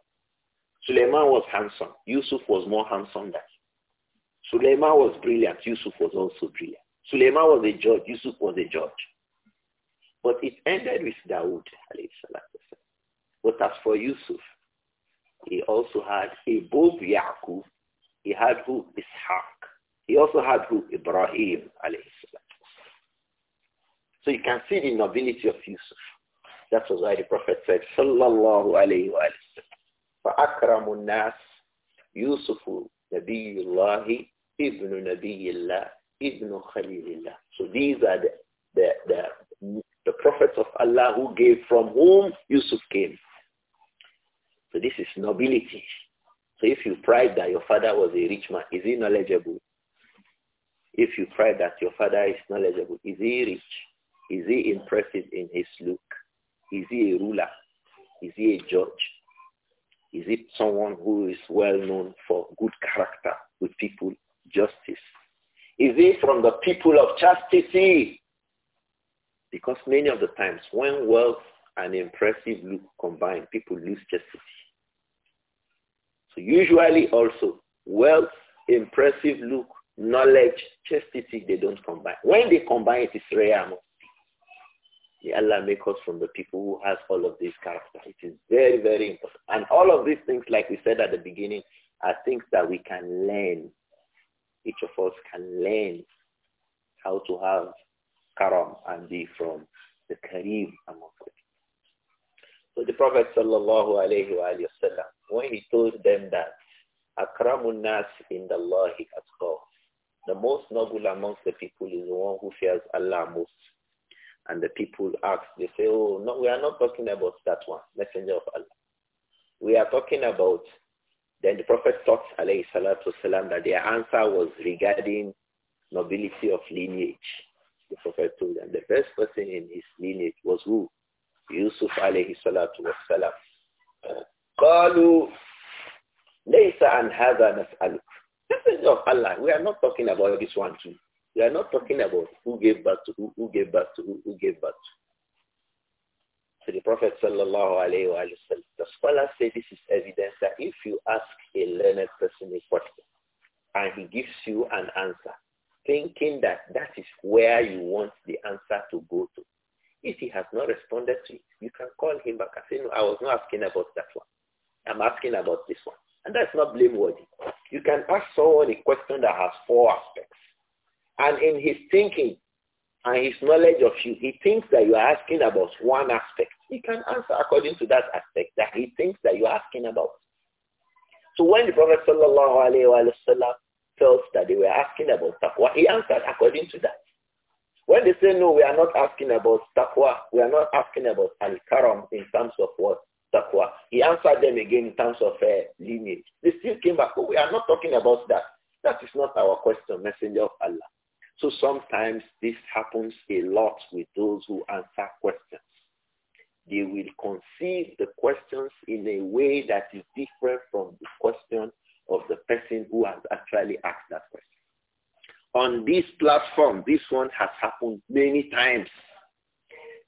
Suleiman was handsome. Yusuf was more handsome than he. Suleiman was brilliant. Yusuf was also brilliant. Suleiman was a judge. Yusuf was a judge. But it ended with Dawood. But as for Yusuf, he also had above Yaqub, he had who? Ishaq. He also had who? Ibrahim. Alayhi salam. So you can see the nobility of Yusuf. That was why the Prophet said, Sallallahu alayhi wa فَأَكْرَمُ nas Yusufu نَبِيُّ اللَّهِ إِبْنُ نَبِيِّ اللَّهِ إِبْنُ خَلِيلِ اللَّهِ So these are the, the, the, the prophets of Allah who gave from whom Yusuf came. So this is nobility. So if you pride that your father was a rich man, is he knowledgeable? If you pride that your father is knowledgeable, is he rich? Is he impressive in his look? Is he a ruler? Is he a judge? Is it someone who is well known for good character with people, justice? Is he from the people of chastity? Because many of the times when wealth and impressive look combine, people lose chastity. So usually also wealth, impressive look, knowledge, chastity, they don't combine. When they combine, it is rare among Allah make us from the people who has all of these character. It is very, very important. And all of these things, like we said at the beginning, are things that we can learn. Each of us can learn how to have karam and be from the kareem among the people. So the Prophet sallallahu alayhi wa sallam, when he told them that akramun nas in the lahi atqaw, the most noble amongst the people is the one who fears Allah most and the people ask, they say, oh, no, we are not talking about that one, messenger of Allah. We are talking about, then the Prophet taught, alayhi salatu wasalam, that their answer was regarding nobility of lineage. The Prophet told them, the first person in his lineage was who? Yusuf alayhi salatu wasalam. قالوا Messenger of Allah, we are not talking about this one too. We are not talking about who gave birth to who, who gave birth to who, who gave birth to. So the Prophet sallallahu alayhi wa sallam, the scholars say this is evidence that if you ask a learned person a question and he gives you an answer, thinking that that is where you want the answer to go to, if he has not responded to it, you can call him back and say, no, I was not asking about that one. I'm asking about this one. And that's not blameworthy. You can ask someone a question that has four aspects and in his thinking and his knowledge of you, he thinks that you are asking about one aspect. He can answer according to that aspect that he thinks that you are asking about. So when the Prophet sallallahu felt that they were asking about taqwa, he answered according to that. When they say no, we are not asking about taqwa, we are not asking about al-karam in terms of what taqwa. He answered them again in terms of uh, lineage. They still came back, but oh, we are not talking about that. That is not our question, Messenger of Allah. So sometimes this happens a lot with those who answer questions. They will conceive the questions in a way that is different from the question of the person who has actually asked that question. On this platform, this one has happened many times.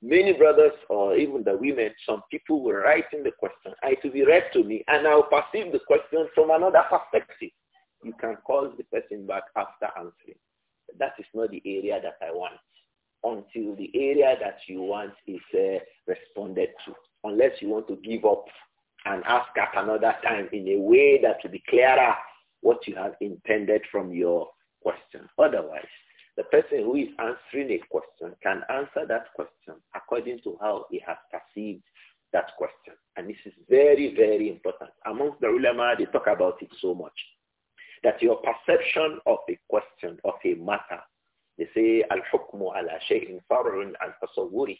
Many brothers or even the women, some people were writing the question. Ah, it will be read to me and I'll perceive the question from another perspective. You can call the person back after answering that is not the area that I want until the area that you want is uh, responded to, unless you want to give up and ask at another time in a way that will be clearer what you have intended from your question. Otherwise, the person who is answering a question can answer that question according to how he has perceived that question. And this is very, very important. Amongst the ulama, they talk about it so much that your perception of a question, of a matter, they say, al-hukmu ala shay'in far'un al tasawwuri.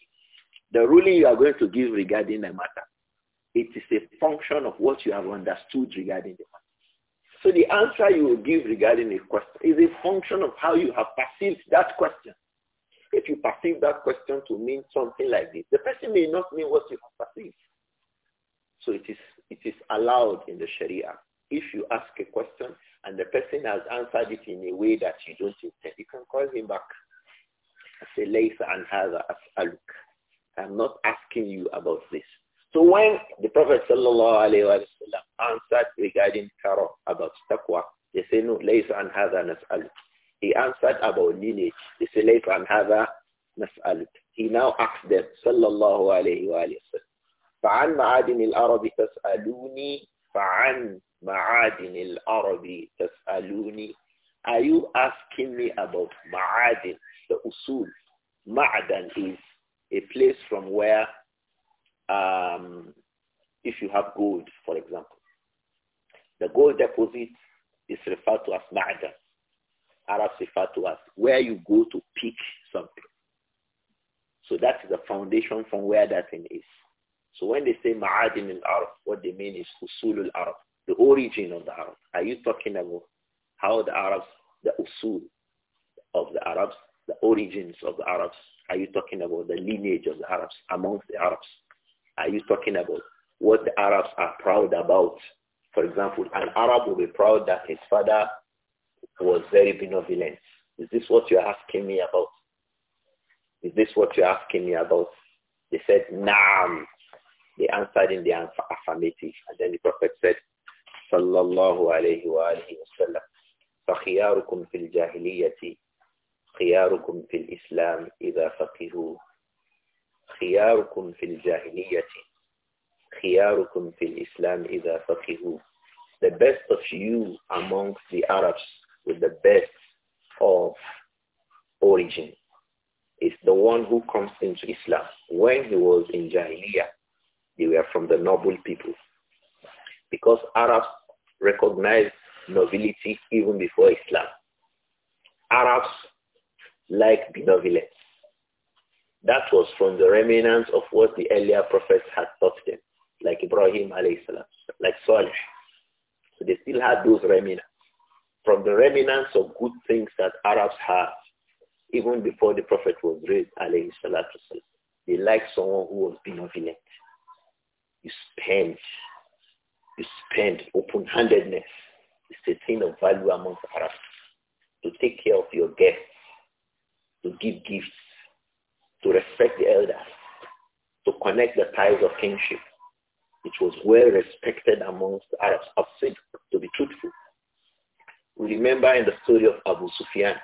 The ruling you are going to give regarding the matter, it is a function of what you have understood regarding the matter. So the answer you will give regarding a question is a function of how you have perceived that question. If you perceive that question to mean something like this, the person may not mean what you have perceived. So it is, it is allowed in the Sharia. If you ask a question, and the person has answered it in a way that you don't intend, you can call him back say, Laysa and a look." I'm not asking you about this. So when the Prophet sallallahu answered regarding Karo about taqwa, they say, no, Laysa and Hada Nas'aluk. He answered about lineage. They say, Laysa and Hada Nas'aluk. He now asks them, sallallahu alayhi wa sallam, فعن معادن تسألوني فَعَنْ مَعَادِنِ Are you asking me about ma'adin, the usul? Ma'adan is a place from where, um, if you have gold, for example, the gold deposit is referred to as ma'adan. Arabs refer to as where you go to pick something. So that is the foundation from where that thing is. So when they say ma'adin al-Arab, what they mean is usul al-Arab, the origin of the Arab. Are you talking about how the Arabs, the usul of the Arabs, the origins of the Arabs? Are you talking about the lineage of the Arabs amongst the Arabs? Are you talking about what the Arabs are proud about? For example, an Arab will be proud that his father was very benevolent. Is this what you're asking me about? Is this what you're asking me about? They said, Naam. They answered in the affirmative. And then the Prophet said, Sallallahu alayhi wa alayhi wa sallam, فَخِيَارُكُمْ فِي الْجَاهِلِيَّةِ خِيَارُكُمْ فِي الْإِسْلَامِ إِذَا فَقِهُوا خِيَارُكُمْ فِي الْجَاهِلِيَّةِ خِيَارُكُمْ فِي الْإِسْلَامِ إِذَا فَقِهُوا The best of you amongst the Arabs with the best of origin is the one who comes into Islam. When he was in Jahiliyyah, they were from the noble people. Because Arabs recognized nobility even before Islam. Arabs like benevolence. That was from the remnants of what the earlier prophets had taught them, like Ibrahim alayhi salam, like Salih. So they still had those remnants. From the remnants of good things that Arabs had, even before the prophet was raised alayhi salam, they liked someone who was benevolent. You spend. You spend. Open-handedness is a thing of value amongst Arabs. To take care of your guests, to give gifts, to respect the elders, to connect the ties of kinship. It was well respected amongst Arabs of Sidq, to be truthful. We remember in the story of Abu Sufyan,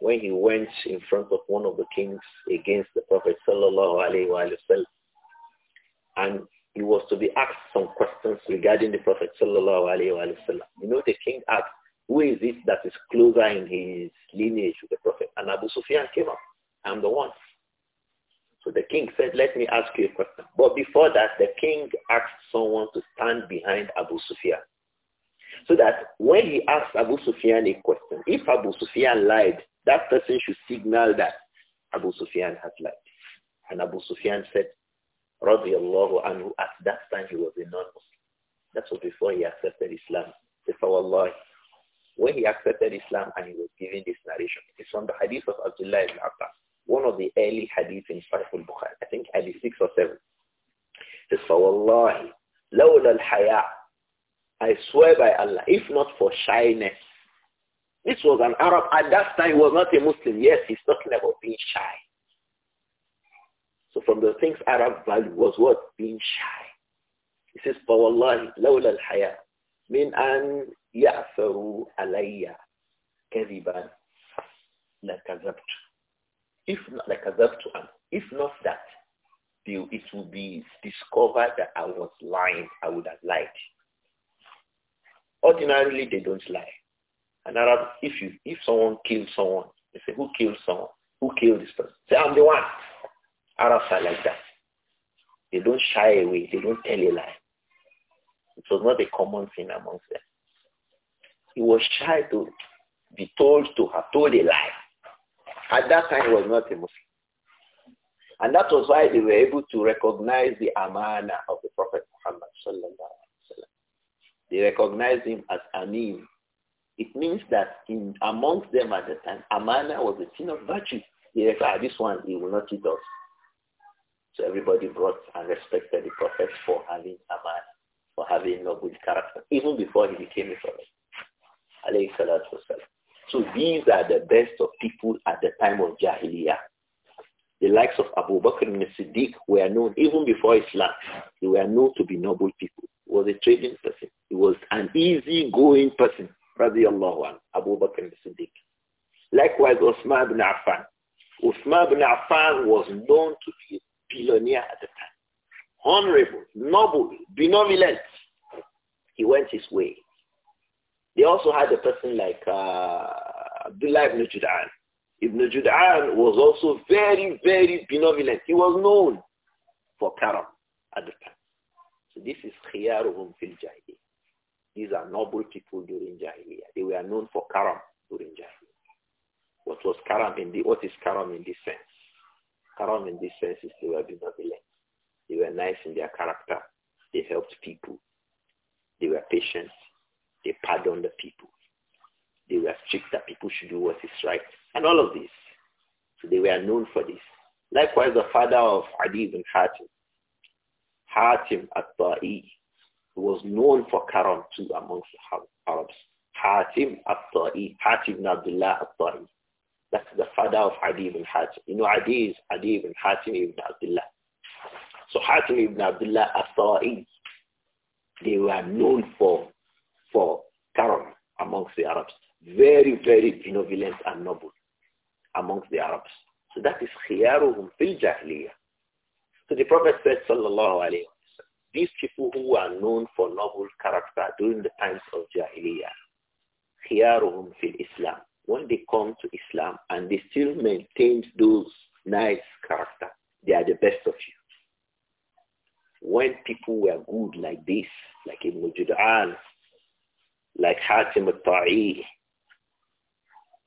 when he went in front of one of the kings against the Prophet Sallallahu Alaihi Wasallam, and he was to be asked some questions regarding the Prophet sallallahu alaihi wasallam. You know, the king asked, who is it that is closer in his lineage to the Prophet? And Abu Sufyan came up. I'm the one. So the king said, let me ask you a question. But before that, the king asked someone to stand behind Abu Sufyan. So that when he asked Abu Sufyan a question, if Abu Sufyan lied, that person should signal that Abu Sufyan has lied. And Abu Sufyan said, radiallahu anhu, at that time he was a non-Muslim. That was before he accepted Islam. Allah, When he accepted Islam and he was giving this narration, it's from the hadith of Abdullah ibn Abbas, one of the early hadiths in Sahih al-Bukhari, I think hadith 6 or 7. It says, Fawallahi, lawla al-haya, I swear by Allah, if not for shyness. This was an Arab. At that time, he was not a Muslim. Yes, he's talking about being shy from the things Arab value was what? Being shy. He says, فَوَاللَّهِ لَوْلَا الْحَيَاةِ مِنْ أَنْ يَأْثَرُوا عَلَيَّ كَذِبًا لَكَذَبْتُ If not, لَكَذَبْتُ أَنْ If not that, it will be discovered that I was lying. I would have lied. Ordinarily, they don't lie. And Arab, if you, if someone kills someone, they say, who killed someone? Who killed this person? Say, I'm the one. Arabs are like that. They don't shy away. They don't tell a lie. It was not a common thing amongst them. He was shy to be told to have told a lie. At that time, he was not a Muslim. And that was why they were able to recognize the amana of the Prophet Muhammad They recognized him as Amin. It means that in amongst them at the time, amana was a thing of virtue. They this one, he will not cheat us. So everybody brought and respected the Prophet for having aman, for having noble character, even before he became a prophet. Alayhi So these are the best of people at the time of Jahiliyyah. The likes of Abu Bakr and Siddiq were known even before Islam. They were known to be noble people. He was a trading person. He was an easy-going person. Abu Bakr and Siddiq. Likewise, Osman ibn Affan. Osman ibn Affan was known to be a billionaire at the time, honorable, noble, benevolent. He went his way. They also had a person like uh, ibn Jud'an. Ibn Jud'an was also very, very benevolent. He was known for karam at the time. So this is khiyaruhum fil jahiliyyah. These are noble people during jahiliyyah. They were known for karam during jahiliyyah. What was karam in the, what is karam in this sense? Karam in this sense is they were benevolent. They were nice in their character. They helped people. They were patient. They pardoned the people. They were strict that people should do what is right. And all of this. So they were known for this. Likewise, the father of Adi ibn Hatim, Hatim at-Ta'i, was known for Karam too amongst the Arabs. Hatim Al tai Hatim ibn Abdullah at-Ta'i. That's the father of Adi ibn Hatim. You know, Adi is Adi ibn Hatim ibn Abdullah. So Hatim ibn Abdullah Asa'i, they were known for, for karam amongst the Arabs. Very, very benevolent and noble amongst the Arabs. So that is khiyaruhum fil jahiliyah. So the Prophet said, sallallahu alayhi wa these people who are known for noble character during the times of jahiliyah, khiyaruhum fil Islam when they come to Islam and they still maintain those nice character, they are the best of you. When people were good like this, like Ibn Jud'an, like Hatim al-Ta'i,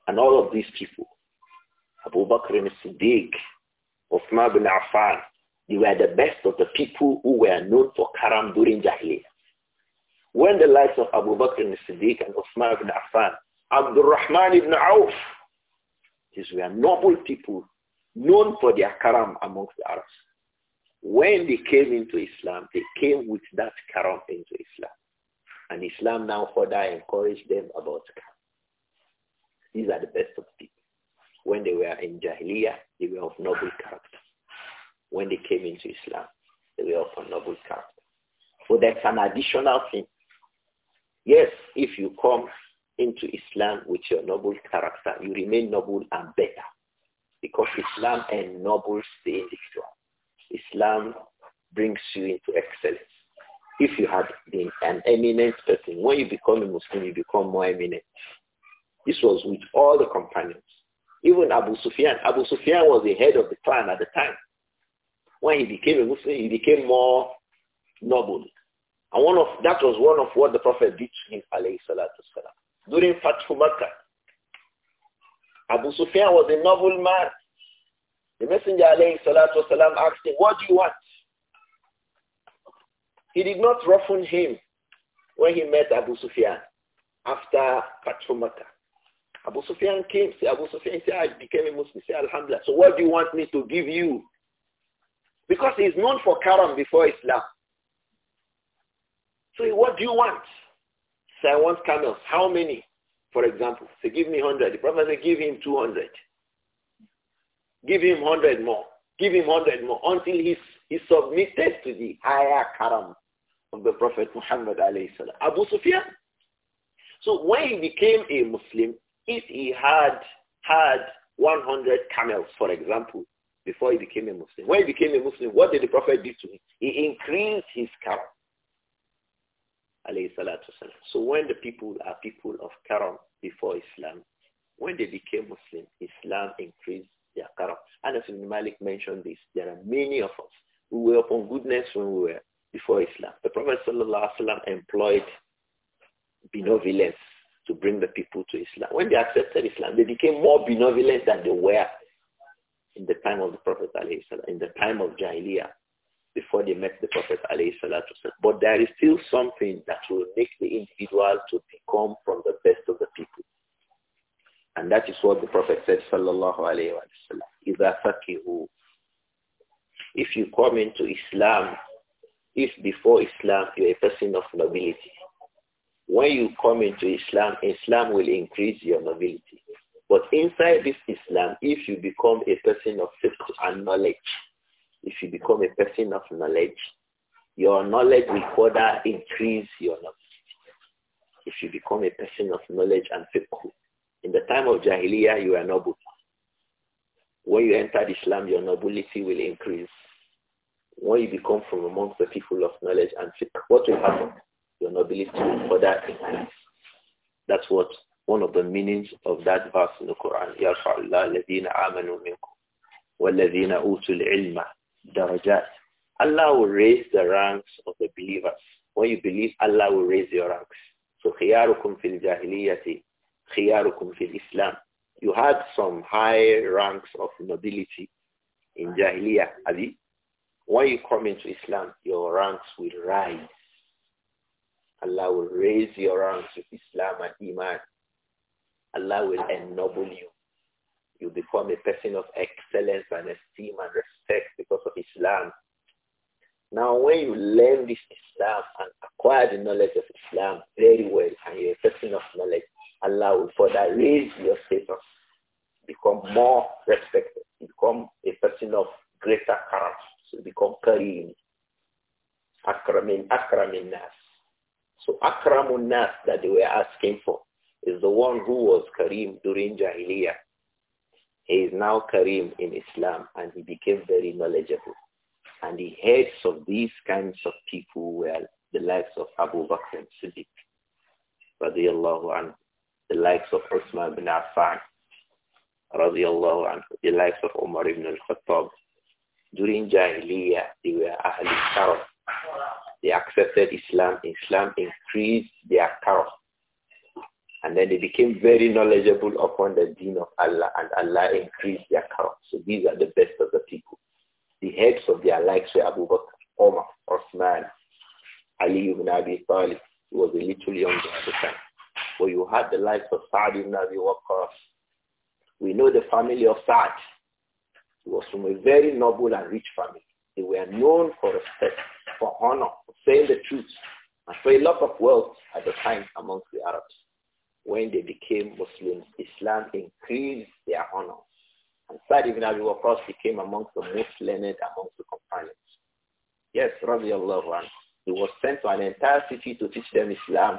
and all of these people, Abu Bakr and Siddiq, Uthman bin Affan, they were the best of the people who were known for karam during Jahiliyyah. When the likes of Abu Bakr and Siddiq and Uthman bin Affan Abdul Rahman ibn Auf. These were noble people known for their karam amongst the Arabs. When they came into Islam, they came with that karam into Islam. And Islam now further encouraged them about karam. These are the best of people. When they were in Jahiliyyah, they were of noble character. When they came into Islam, they were of noble character. So that's an additional thing. Yes, if you come into Islam with your noble character, you remain noble and better. Because Islam ennobles the individual. Islam brings you into excellence. If you had been an eminent person, when you become a Muslim, you become more eminent. This was with all the companions. Even Abu Sufyan. Abu Sufyan was the head of the clan at the time. When he became a Muslim, he became more noble. And one of that was one of what the Prophet did to him, alayhi salatu salam during Fathu Makkah. Abu Sufyan was a noble man. The Messenger alayhi salatu wasalam asked him, what do you want? He did not roughen him when he met Abu Sufyan after Fathu Makkah. Abu Sufyan came, said Abu Sufyan, I became a Muslim, say Alhamdulillah. So what do you want me to give you? Because he's known for Karam before Islam. So what do you want? So I want camels. How many? For example, say, give me 100. The Prophet said, give him 200. Give him 100 more. Give him 100 more until he, he submitted to the higher karam of the Prophet Muhammad Abu Sufyan. So when he became a Muslim, if he had had 100 camels, for example, before he became a Muslim, when he became a Muslim, what did the Prophet do to him? He increased his karam. So when the people are people of Karam before Islam, when they became Muslim, Islam increased their Karam. And ibn Malik mentioned this. There are many of us who were upon goodness when we were before Islam. The Prophet ﷺ employed benevolence to bring the people to Islam. When they accepted Islam, they became more benevolent than they were in the time of the Prophet ﷺ, in the time of Jahiliyyah before they met the Prophet But there is still something that will make the individual to become from the best of the people. And that is what the Prophet said, sallallahu alayhi wa sallam, If you come into Islam, if before Islam you're a person of nobility, when you come into Islam, Islam will increase your nobility. But inside this Islam, if you become a person of faith and knowledge, if you become a person of knowledge, your knowledge will further increase your knowledge. If you become a person of knowledge and fiqh, in the time of Jahiliyyah, you are noble. When you enter Islam, your nobility will increase. When you become from amongst the people of knowledge and fiqh, what will happen? Your nobility will further increase. That's what one of the meanings of that verse in the Quran. يَرْفَعُ اللَّهُ الَّذِينَ آمَنُوا مِنْكُمْ وَالَّذِينَ أُوتُوا الْعِلْمَ darajat. Allah will raise the ranks of the believers. When you believe, Allah will raise your ranks. So khiyarukum fil jahiliyati, khiyarukum fil Islam. You had some high ranks of nobility in Jahiliyyah, Ali. When you come into Islam, your ranks will rise. Allah will raise your ranks with Islam and Iman. Allah will ennoble you. You become a person of excellence and esteem and respect because of Islam. Now, when you learn this Islam and acquire the knowledge of Islam very well, and you're a person of knowledge, Allah will further raise your status, become more respected, become a person of greater character, so become kareem, akramin, akramin nas. So akramun nas that they were asking for is the one who was kareem during Jahiliyyah. He is now Karim in Islam and he became very knowledgeable. And the heads of these kinds of people were the likes of Abu Bakr and Siddiq, radiallahu anhu, the likes of Uthman bin Affan, radiallahu anhu, the likes of Umar ibn al-Khattab. During Jahiliyyah, they were Ahlul Karam. They accepted Islam. Islam increased their Karam. And then they became very knowledgeable upon the deen of Allah and Allah increased their count. So these are the best of the people. The heads of their likes were Abu Bakr, Omar, Osman, Ali ibn Abi Talib. He was a little younger at the time. But you had the likes of Sa'd ibn Abi Waqqas. We know the family of Sa'd. He was from a very noble and rich family. They were known for respect, for honor, for saying the truth, and for a lot of wealth at the time amongst the Arabs when they became Muslims, Islam increased their honor. And Sa'd ibn Abi Waqqas became amongst the most learned amongst the companions. Yes, radiallahu anhu. He was sent to an entire city to teach them Islam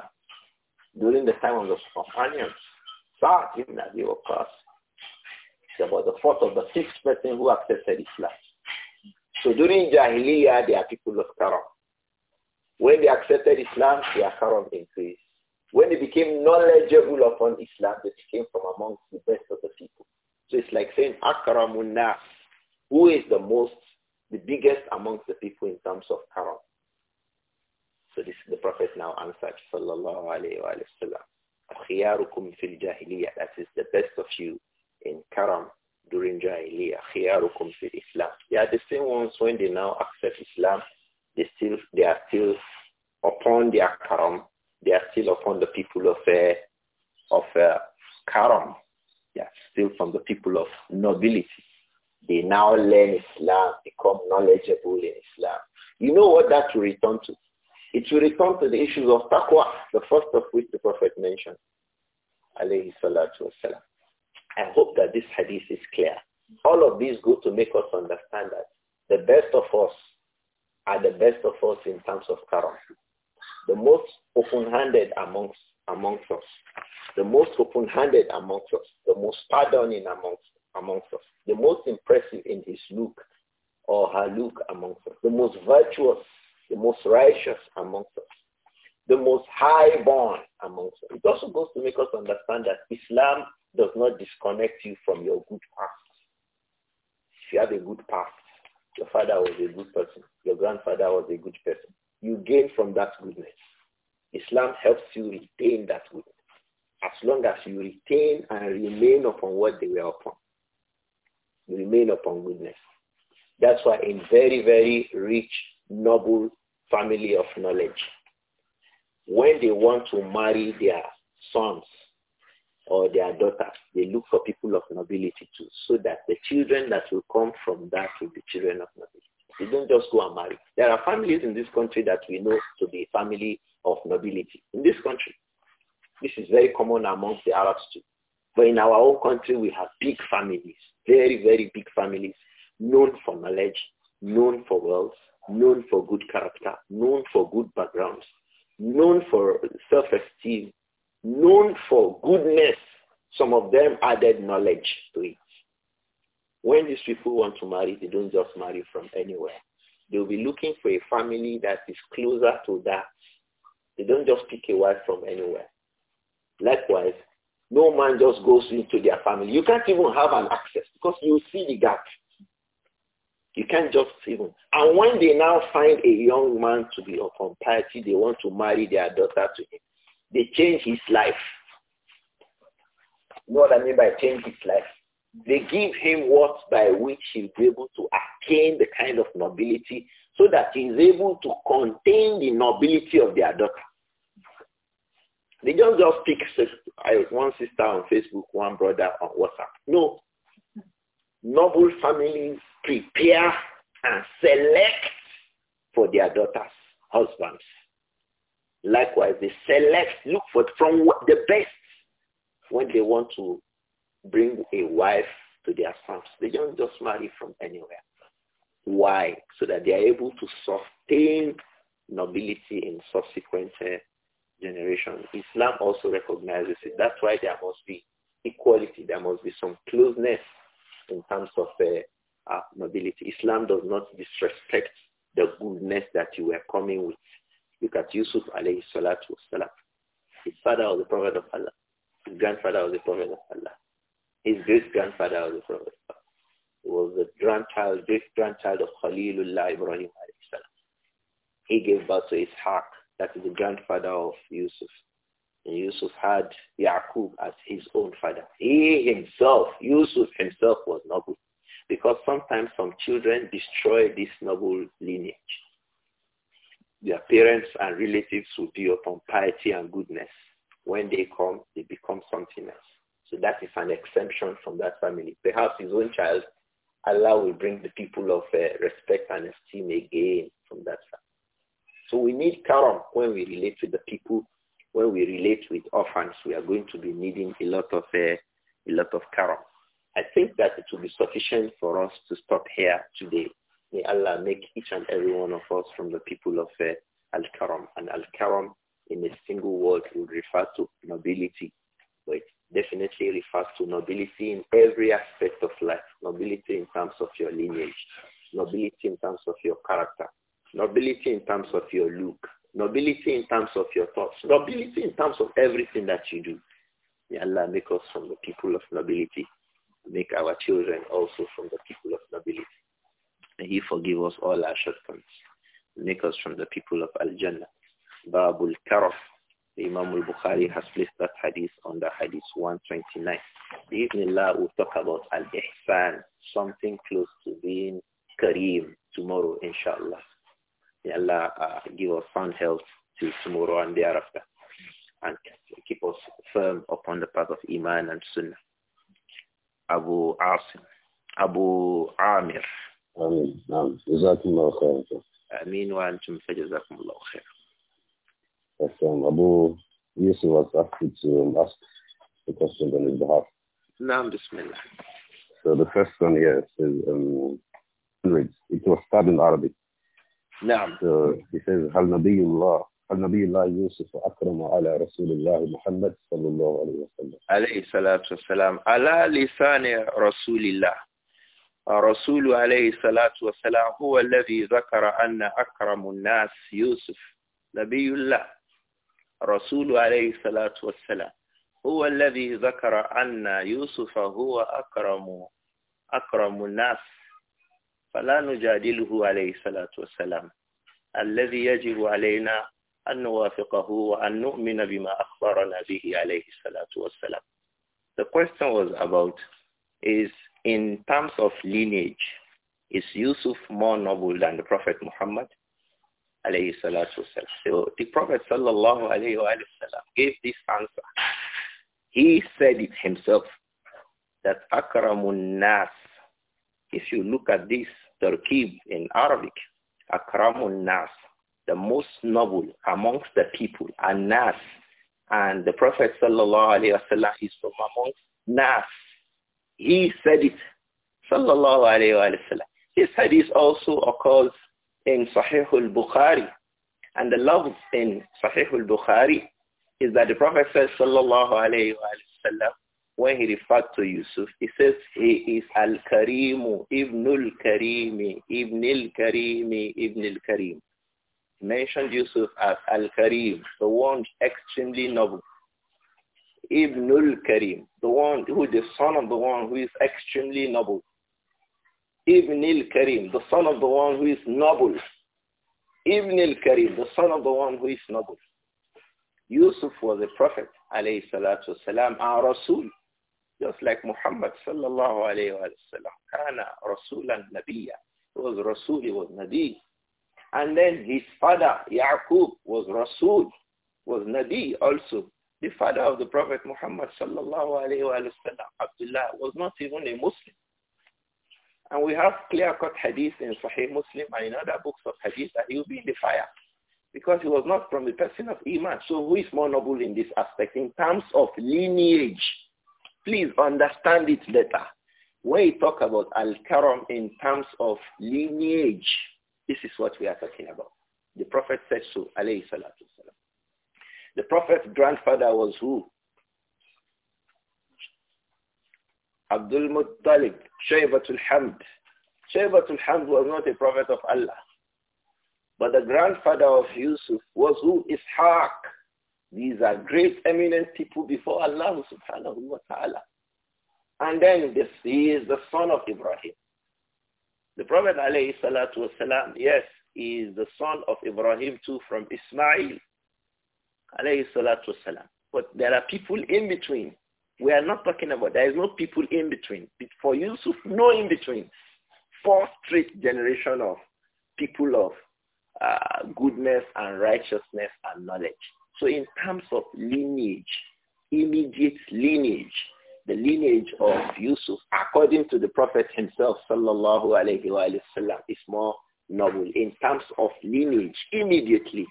during the time of the companions. Sa'd ibn Abi Waqqas is about the fourth or the sixth person who accepted Islam. So during Jahiliyyah, they are people of Karam. When they accepted Islam, their Karam increased. When they became knowledgeable upon Islam, they came from amongst the best of the people. So it's like saying, Akaramun Nas, who is the most, the biggest amongst the people in terms of karam? So this the Prophet now answered, Sallallahu Alaihi Wasallam, Akhiyarukum fil jahiliyyah, that is the best of you in karam during jahiliyyah, Akhiyarukum fil Islam. They are the same ones when they now accept Islam, they still, they are still upon their karam they are still upon the people of uh, of uh, Karam. They are still from the people of nobility. They now learn Islam, become knowledgeable in Islam. You know what that will return to? It will return to the issues of taqwa, the first of which the Prophet mentioned. Alayhi salatu wasalam. I hope that this hadith is clear. All of these go to make us understand that the best of us are the best of us in terms of karam the most open-handed amongst amongst us, the most open-handed amongst us, the most pardoning amongst amongst us, the most impressive in his look or her look amongst us, the most virtuous, the most righteous amongst us, the most high-born amongst us. It also goes to make us understand that Islam does not disconnect you from your good past. If you have a good past, your father was a good person, your grandfather was a good person, you gain from that goodness. Islam helps you retain that goodness as long as you retain and remain upon what they were upon. You remain upon goodness. That's why in very, very rich, noble family of knowledge, when they want to marry their sons or their daughters, they look for people of nobility too, so that the children that will come from that will be children of nobility. They don't just go and marry. There are families in this country that we know to be family of nobility. In this country, this is very common amongst the Arabs too. But in our own country, we have big families, very, very big families, known for knowledge, known for wealth, known for good character, known for good backgrounds, known for self-esteem, known for goodness. Some of them added knowledge to it. When these people want to marry, they don't just marry from anywhere. They'll be looking for a family that is closer to that. They don't just pick a wife from anywhere. Likewise, no man just goes into their family. You can't even have an access because you see the gap. You can't just even. And when they now find a young man to be of piety, they want to marry their daughter to him. They change his life. You know what I mean by change his life? They give him what by which he'll be able to attain the kind of nobility so that he is able to contain the nobility of their daughter. They don't just pick one sister on Facebook, one brother on WhatsApp. No. Noble families prepare and select for their daughters, husbands. Likewise, they select, look for from the best when they want to bring a wife to their sons. They don't just marry from anywhere. Why? So that they are able to sustain nobility in subsequent uh, generations. Islam also recognizes it. That's why there must be equality. There must be some closeness in terms of uh, uh, nobility. Islam does not disrespect the goodness that you were coming with. Look at Yusuf alayhi salatu salam, His father was the Prophet of Allah. His grandfather was the Prophet of Allah. His great-grandfather of the Prophet was the grandchild, great-grandchild of Khalilullah Ibrahim He gave birth to Ishaq, that is the grandfather of Yusuf. And Yusuf had Yaqub as his own father. He himself, Yusuf himself was noble. Because sometimes some children destroy this noble lineage. Their parents and relatives will be upon piety and goodness. When they come, they become something else. So that is an exemption from that family. Perhaps his own child, Allah will bring the people of uh, respect and esteem again from that family. So we need karam when we relate with the people. When we relate with orphans, we are going to be needing a lot of uh, a lot of karam. I think that it will be sufficient for us to stop here today. May Allah make each and every one of us from the people of uh, Al-Karam. And Al-Karam in a single word would refer to nobility. But definitely refers to nobility in every aspect of life. Nobility in terms of your lineage, nobility in terms of your character, nobility in terms of your look, nobility in terms of your thoughts, nobility in terms of everything that you do. May Allah make us from the people of nobility. Make our children also from the people of nobility. May He forgive us all our shortcomings. Make us from the people of Al-Jannah. Babul Karaf. The Imam al-Bukhari has placed that hadith under hadith 129. Allah, we'll talk about al-ihsan, something close to being kareem tomorrow, inshallah. May Allah uh, give us sound health to tomorrow and thereafter and keep us firm upon the path of Iman and Sunnah. Abu Asim, Abu Amir. Amin. نعم جزاكم الله خيرا آمين وأنتم فجزاكم الله so the first one here in um, it was said in Arabic. Naam. So he says, Hal Nabiullah, Hal Nabiullah Yusuf akrama ala Rasulullah Muhammad sallallahu alayhi wa sallam. Alayhi salatu wa salam. Ala lisani Rasulullah. Rasulu alayhi salatu wa salam huwa alladhi zakara anna akramu nas Yusuf. Nabiullah. رسول عليه الصلاة والسلام هو الذي ذكر أن يوسف هو أكرم أكرم الناس فلا نجادله عليه الصلاة والسلام الذي يجب علينا أن نوافقه وأن نؤمن بما أخبرنا به عليه الصلاة والسلام. The question was about is in terms of lineage, is Yusuf more noble than the Prophet Muhammad? alayhi salatu wasalam. So the Prophet sallallahu alayhi wa gave this answer. He said it himself that akramun nas. If you look at this turkib in Arabic, akramun nas, the most noble amongst the people, and nas. And the Prophet sallallahu alayhi wa is from amongst nas. He said it sallallahu alayhi wa This hadith also occurs in Sahih al-Bukhari and the love in Sahih al-Bukhari is that the Prophet says, sallallahu alayhi wa sallam, when he referred to Yusuf, he says he is Al-Karimu, Ibn al-Karimi, Ibn al-Karimi, Ibn al-Karim. He mentioned Yusuf as Al-Karim, the one extremely noble. Ibn al-Karim, the one who is the son of the one who is extremely noble. Ibn al-Karim, the son of the one who is noble. Ibn al-Karim, the son of the one who is noble. Yusuf was a prophet, alayhi salatu salam, a Rasul, just like Muhammad sallallahu alayhi wa sallam. Kana Rasulan Nabiya. He was Rasul, he was Nabi. And then his father, Yaqub, was Rasul, was Nabi also. The father of the Prophet Muhammad sallallahu alayhi wa sallam, Abdullah, was not even a Muslim. And we have clear-cut hadith in Sahih Muslim and in other books of hadith that he will be in the fire because he was not from the person of Iman. So who is more noble in this aspect in terms of lineage? Please understand it better. When we talk about Al-Karam in terms of lineage, this is what we are talking about. The Prophet said so, alayhi salatu salam. The Prophet's grandfather was who? Abdul Muttalib, Shaybatul Hamd. Shaybatul Hamd was not a prophet of Allah. But the grandfather of Yusuf was who? Ishaq. These are great eminent people before Allah subhanahu wa ta'ala. And then this, he is the son of Ibrahim. The Prophet alayhi salatu wasalam, yes, he is the son of Ibrahim too from Ismail alayhi salatu wasalam. But there are people in between. We are not talking about, there is no people in between. For Yusuf, no in between. Four straight generation of people of uh, goodness and righteousness and knowledge. So in terms of lineage, immediate lineage, the lineage of Yusuf, according to the Prophet himself, sallallahu alayhi wa sallam, is more noble in terms of lineage immediately.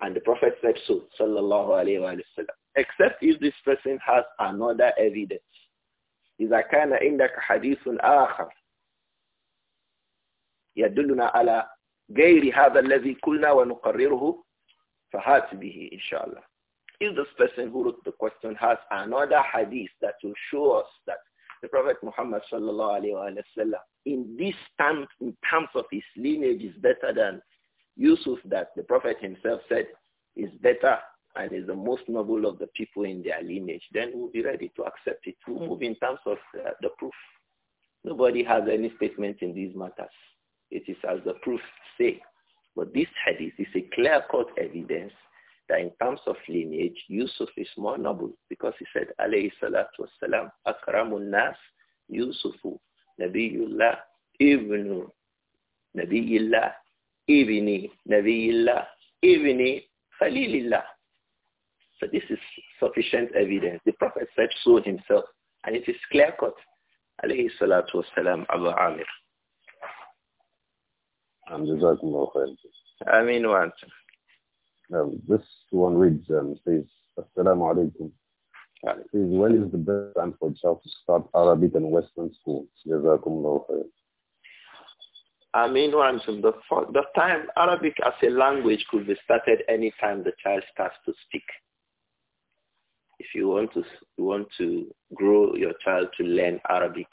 And the Prophet said so, sallallahu alayhi wa sallam except if this person has another evidence. إذا كان عندك حديث آخر يدلنا على غير هذا الذي قلنا ونقرره فهات به إن شاء الله. If this person who wrote the question has another hadith that will show us that the Prophet Muhammad sallallahu alayhi wa in this term, in terms of his lineage is better than Yusuf that the Prophet himself said is better and is the most noble of the people in their lineage, then we'll be ready to accept it. We'll mm. move in terms of uh, the proof. Nobody has any statement in these matters. It is as the proof say. But this hadith is a clear-cut evidence that in terms of lineage, Yusuf is more noble because he said, alayhi salatu wasalam, akramun nas Yusufu nabiyullah ibnu nabiyillah ibni nabiyillah ibni khalilillah. So this is sufficient evidence. The Prophet said so himself. And it is clear cut. Alayhi salatu wasalam, Abu Amir. Um, um, This one reads, um, says, Assalamu alaikum. Says, when is the best time for a child to start Arabic and Western schools? Jazakumullah khair. I mean, the, the time Arabic as a language could be started any time the child starts to speak. If you want to want to grow your child to learn Arabic,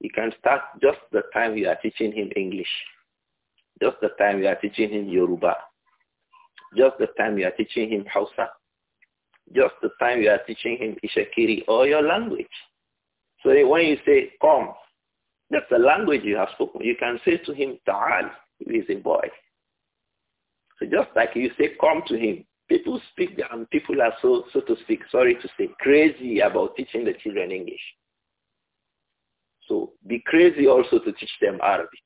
you can start just the time you are teaching him English, just the time you are teaching him Yoruba, just the time you are teaching him Hausa, just the time you are teaching him Ishakiri or your language. So when you say come, that's the language you have spoken. You can say to him Ta'al, he is a boy. So just like you say come to him, People speak and um, people are so, so to speak, sorry to say, crazy about teaching the children English. So be crazy also to teach them Arabic.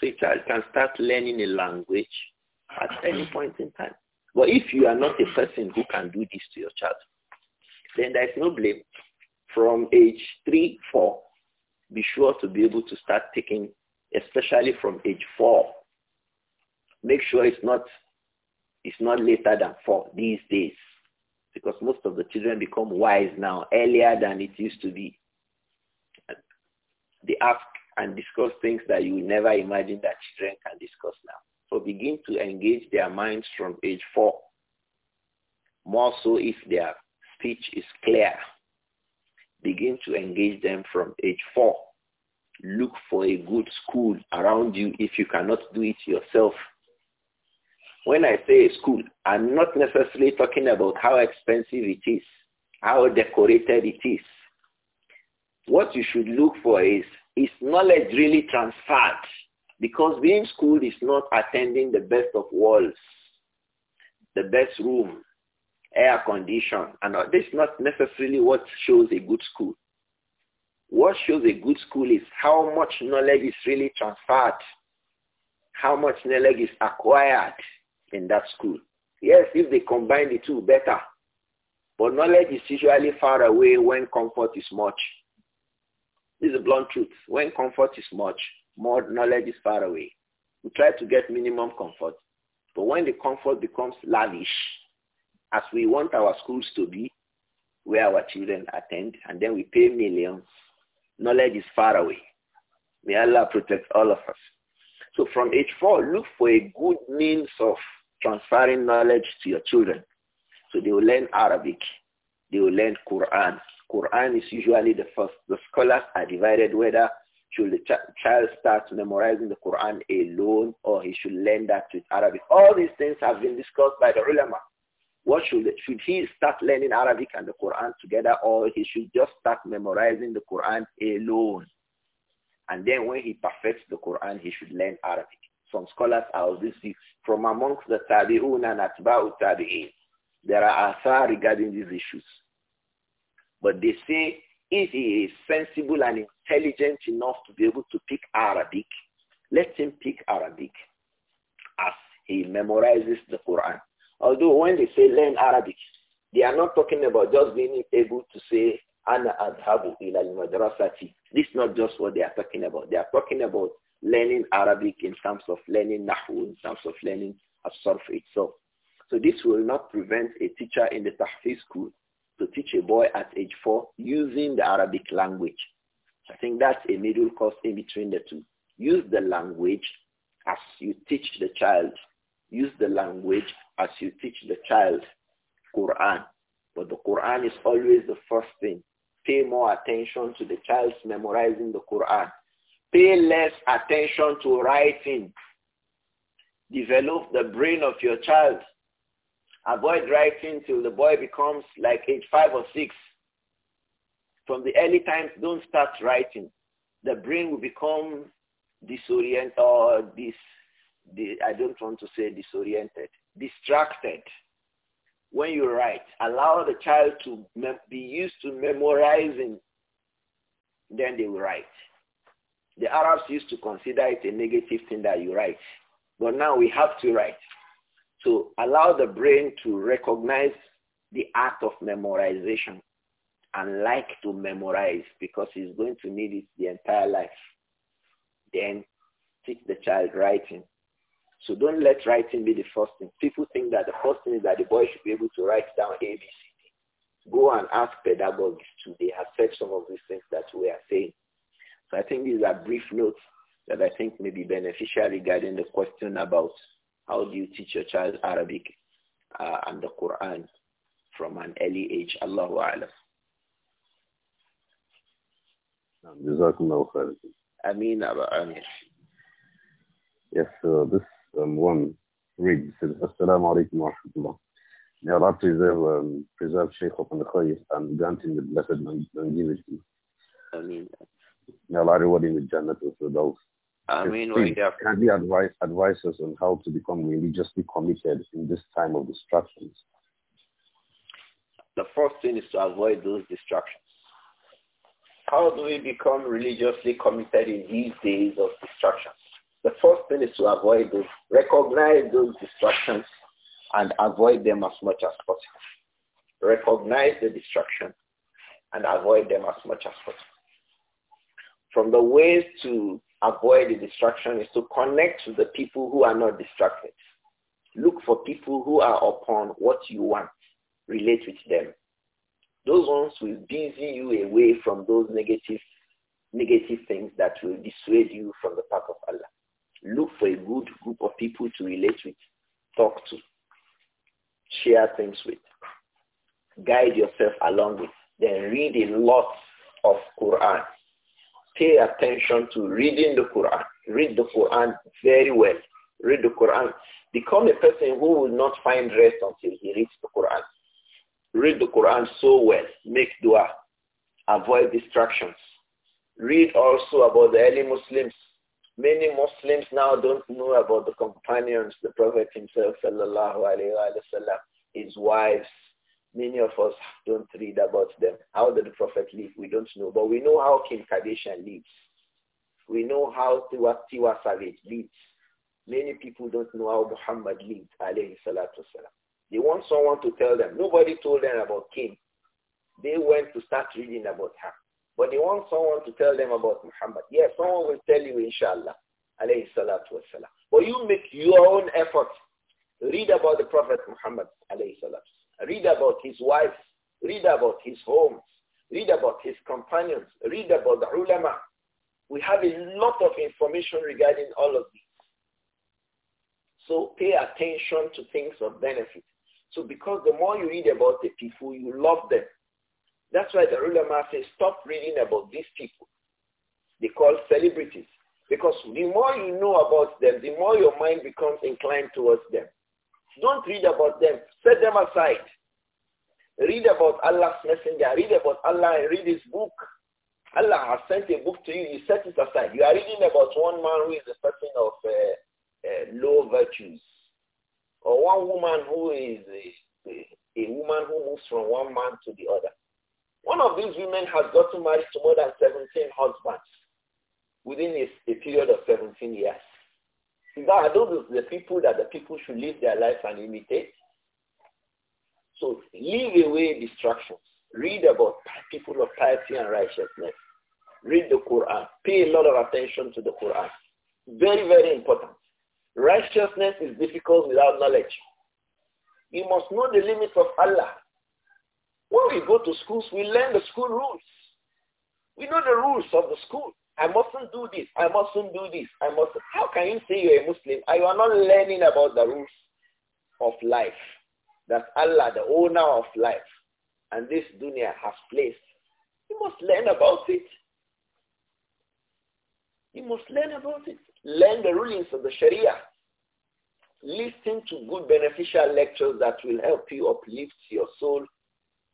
So a child can start learning a language at any point in time. But if you are not a person who can do this to your child, then there is no blame. From age 3, 4, be sure to be able to start taking, especially from age 4. Make sure it's not it's not later than four these days because most of the children become wise now earlier than it used to be. They ask and discuss things that you will never imagine that children can discuss now. So begin to engage their minds from age four. More so if their speech is clear. Begin to engage them from age four. Look for a good school around you if you cannot do it yourself when I say school, I'm not necessarily talking about how expensive it is, how decorated it is. What you should look for is, is knowledge really transferred? Because being schooled is not attending the best of walls, the best room, air condition, and this is not necessarily what shows a good school. What shows a good school is how much knowledge is really transferred, how much knowledge is acquired, in that school. Yes, if they combine the two, better. But knowledge is usually far away when comfort is much. This is a blunt truth. When comfort is much, more knowledge is far away. We try to get minimum comfort. But when the comfort becomes lavish, as we want our schools to be, where our children attend, and then we pay millions, knowledge is far away. May Allah protect all of us. So from age four, look for a good means of transferring knowledge to your children. So they will learn Arabic. They will learn Quran. Quran is usually the first. The scholars are divided whether should the ch child start memorizing the Quran alone or he should learn that with Arabic. All these things have been discussed by the ulama. What should, should he start learning Arabic and the Quran together or he should just start memorizing the Quran alone? And then when he perfects the Quran, he should learn Arabic. Some scholars are of this view. From amongst the Tabi'un and Atba'u Tabi'in, there are asar regarding these issues. But they say if he is sensible and intelligent enough to be able to pick Arabic, let him pick Arabic as he memorizes the Quran. Although when they say learn Arabic, they are not talking about just being able to say ana adhabu ila al-madrasati. This is not just what they are talking about. They are talking about learning Arabic, in terms of learning Nahu, in terms of learning Absorb itself. So this will not prevent a teacher in the Tahfiz school to teach a boy at age four using the Arabic language. I think that's a middle course in between the two. Use the language as you teach the child. Use the language as you teach the child Quran. But the Quran is always the first thing. Pay more attention to the child's memorizing the Quran Pay less attention to writing. Develop the brain of your child. Avoid writing till the boy becomes like age five or six. From the early times, don't start writing. The brain will become disoriented or dis, dis, I don't want to say disoriented, distracted. When you write, allow the child to be used to memorizing. Then they will write. The Arabs used to consider it a negative thing that you write. But now we have to write. So allow the brain to recognize the act of memorization and like to memorize because he's going to need it the entire life. Then teach the child writing. So don't let writing be the first thing. People think that the first thing is that the boy should be able to write down ABC. Go and ask pedagogues too. They have said some of these things that we are saying. So I think these are brief notes that I think may be beneficial regarding the question about how do you teach your child Arabic uh, and the Quran from an early age. Allahu Alam. Amin khairan. Aba Amir. Yes, uh, this um, one reads, Assalamu alaikum wa rahmatullah. May Allah preserve, um, preserve Shaykh the Khayyif and grant him the blessed longevity. Amin. May Allah reward him with Jannat al-Firdaus. I mean, please, kindly advise, advise us on how to become religiously committed in this time of distractions. The first thing is to avoid those distractions. How do we become religiously committed in these days of distractions? The first thing is to avoid those, recognize those distractions and avoid them as much as possible. Recognize the distraction and avoid them as much as possible. From the ways to avoid the distraction is to connect with the people who are not distracted. Look for people who are upon what you want. Relate with them. Those ones will busy you away from those negative, negative things that will dissuade you from the path of Allah. Look for a good group of people to relate with, talk to, share things with, guide yourself along with. Then read a lot of Quran pay attention to reading the Quran. Read the Quran very well. Read the Quran. Become a person who will not find rest until he reads the Quran. Read the Quran so well. Make dua. Avoid distractions. Read also about the early Muslims. Many Muslims now don't know about the companions, the Prophet himself, sallallahu alayhi wa sallam, his wives, Many of us don't read about them. How did the Prophet live? We don't know. But we know how Kim Kardashian lives. We know how Tiwa, Tiwa Savage lives. Many people don't know how Muhammad lived, alayhi salatu wasalam. They want someone to tell them. Nobody told them about Kim. They went to start reading about her. But they want someone to tell them about Muhammad. Yes, someone will tell you, inshallah, alayhi salatu wasalam. But you make your own effort. Read about the Prophet Muhammad, alayhi salatu Read about his wife. Read about his homes. Read about his companions. Read about the ulama. We have a lot of information regarding all of these. So pay attention to things of benefit. So because the more you read about the people, you love them. That's why the ulama says stop reading about these people. They call celebrities. Because the more you know about them, the more your mind becomes inclined towards them. Don't read about them. Set them aside. Read about Allah's messenger. Read about Allah and read his book. Allah has sent a book to you. You set it aside. You are reading about one man who is a person of uh, uh, low virtues. Or one woman who is a, a, woman who moves from one man to the other. One of these women has gotten married to more than 17 husbands within a, a period of 17 years. Those are the people that the people should live their life and imitate. So leave away distractions. Read about people of piety and righteousness. Read the Quran. Pay a lot of attention to the Quran. Very, very important. Righteousness is difficult without knowledge. You must know the limits of Allah. When we go to schools, we learn the school rules. We know the rules of the school. I mustn't do this. I mustn't do this. I must. How can you say you're a Muslim? Are you are not learning about the rules of life that Allah, the owner of life, and this dunya has placed. You must learn about it. You must learn about it. Learn the rulings of the Sharia. Listen to good beneficial lectures that will help you uplift your soul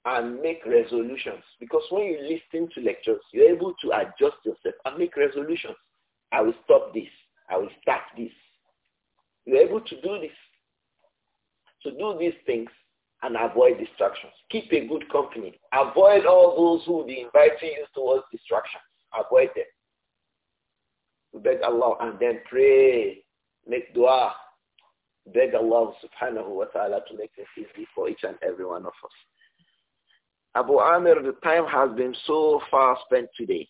and make resolutions. Because when you listen to lectures, you're able to adjust yourself and make resolutions. I will stop this. I will start this. You're able to do this. To do these things and avoid distractions. Keep a good company. Avoid all those who will be inviting you towards distractions. Avoid them. We beg Allah and then pray. Make dua. Beg Allah subhanahu wa ta'ala to make this easy for each and every one of us. Abu Amir, the time has been so far spent today.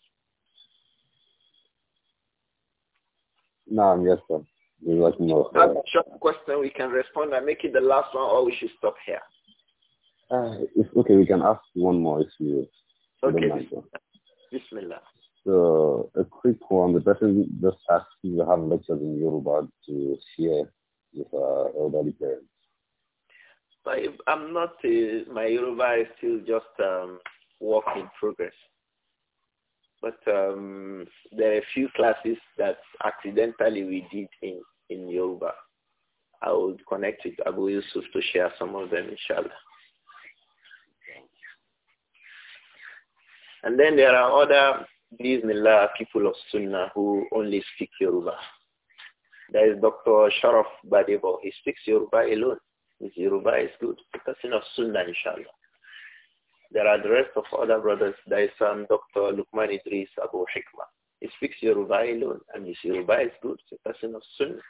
No, i yes, sir. There was no. That's a short question. We can respond and make it the last one, or we should stop here. Uh, it's okay. We can ask one more if you. Okay. Bismillah. So a quick one. The person just asked if you have lectures in Yoruba to share with our uh, elderly parents. But I'm not, uh, my Yoruba is still just um, work in progress. But um, there are a few classes that accidentally we did in, in Yoruba. I would connect with Abu Yusuf to share some of them, inshallah. And then there are other Bismillah people of Sunnah who only speak Yoruba. There is Dr. Sharaf Badebo. He speaks Yoruba alone. His Yoruba is good. The person of Sunnah, inshallah. There are the rest of other brothers, Daisan, Dr. Lukman Idris, Abu Hikma. He speaks Yoruba alone, and his Yoruba is good. He's a person of Sunnah.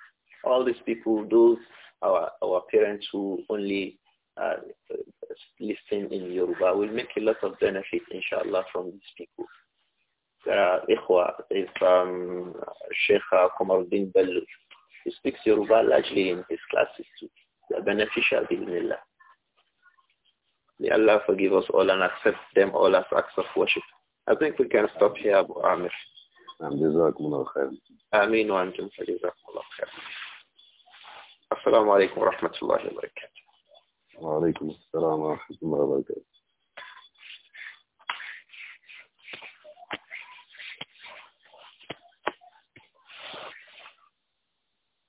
All these people, those our, our parents who only uh, listen in Yoruba, will make a lot of benefit, inshallah, from these people. There are Ikhwa, is um, Sheikh Komaruddin Bellu. He speaks Yoruba largely in his classes too. The beneficial bismillah. May Allah forgive us all and accept them all as acts of worship. I think we can stop here, Abu Amir. جزاكم الله خير. آمين وأنتم فجزاكم الله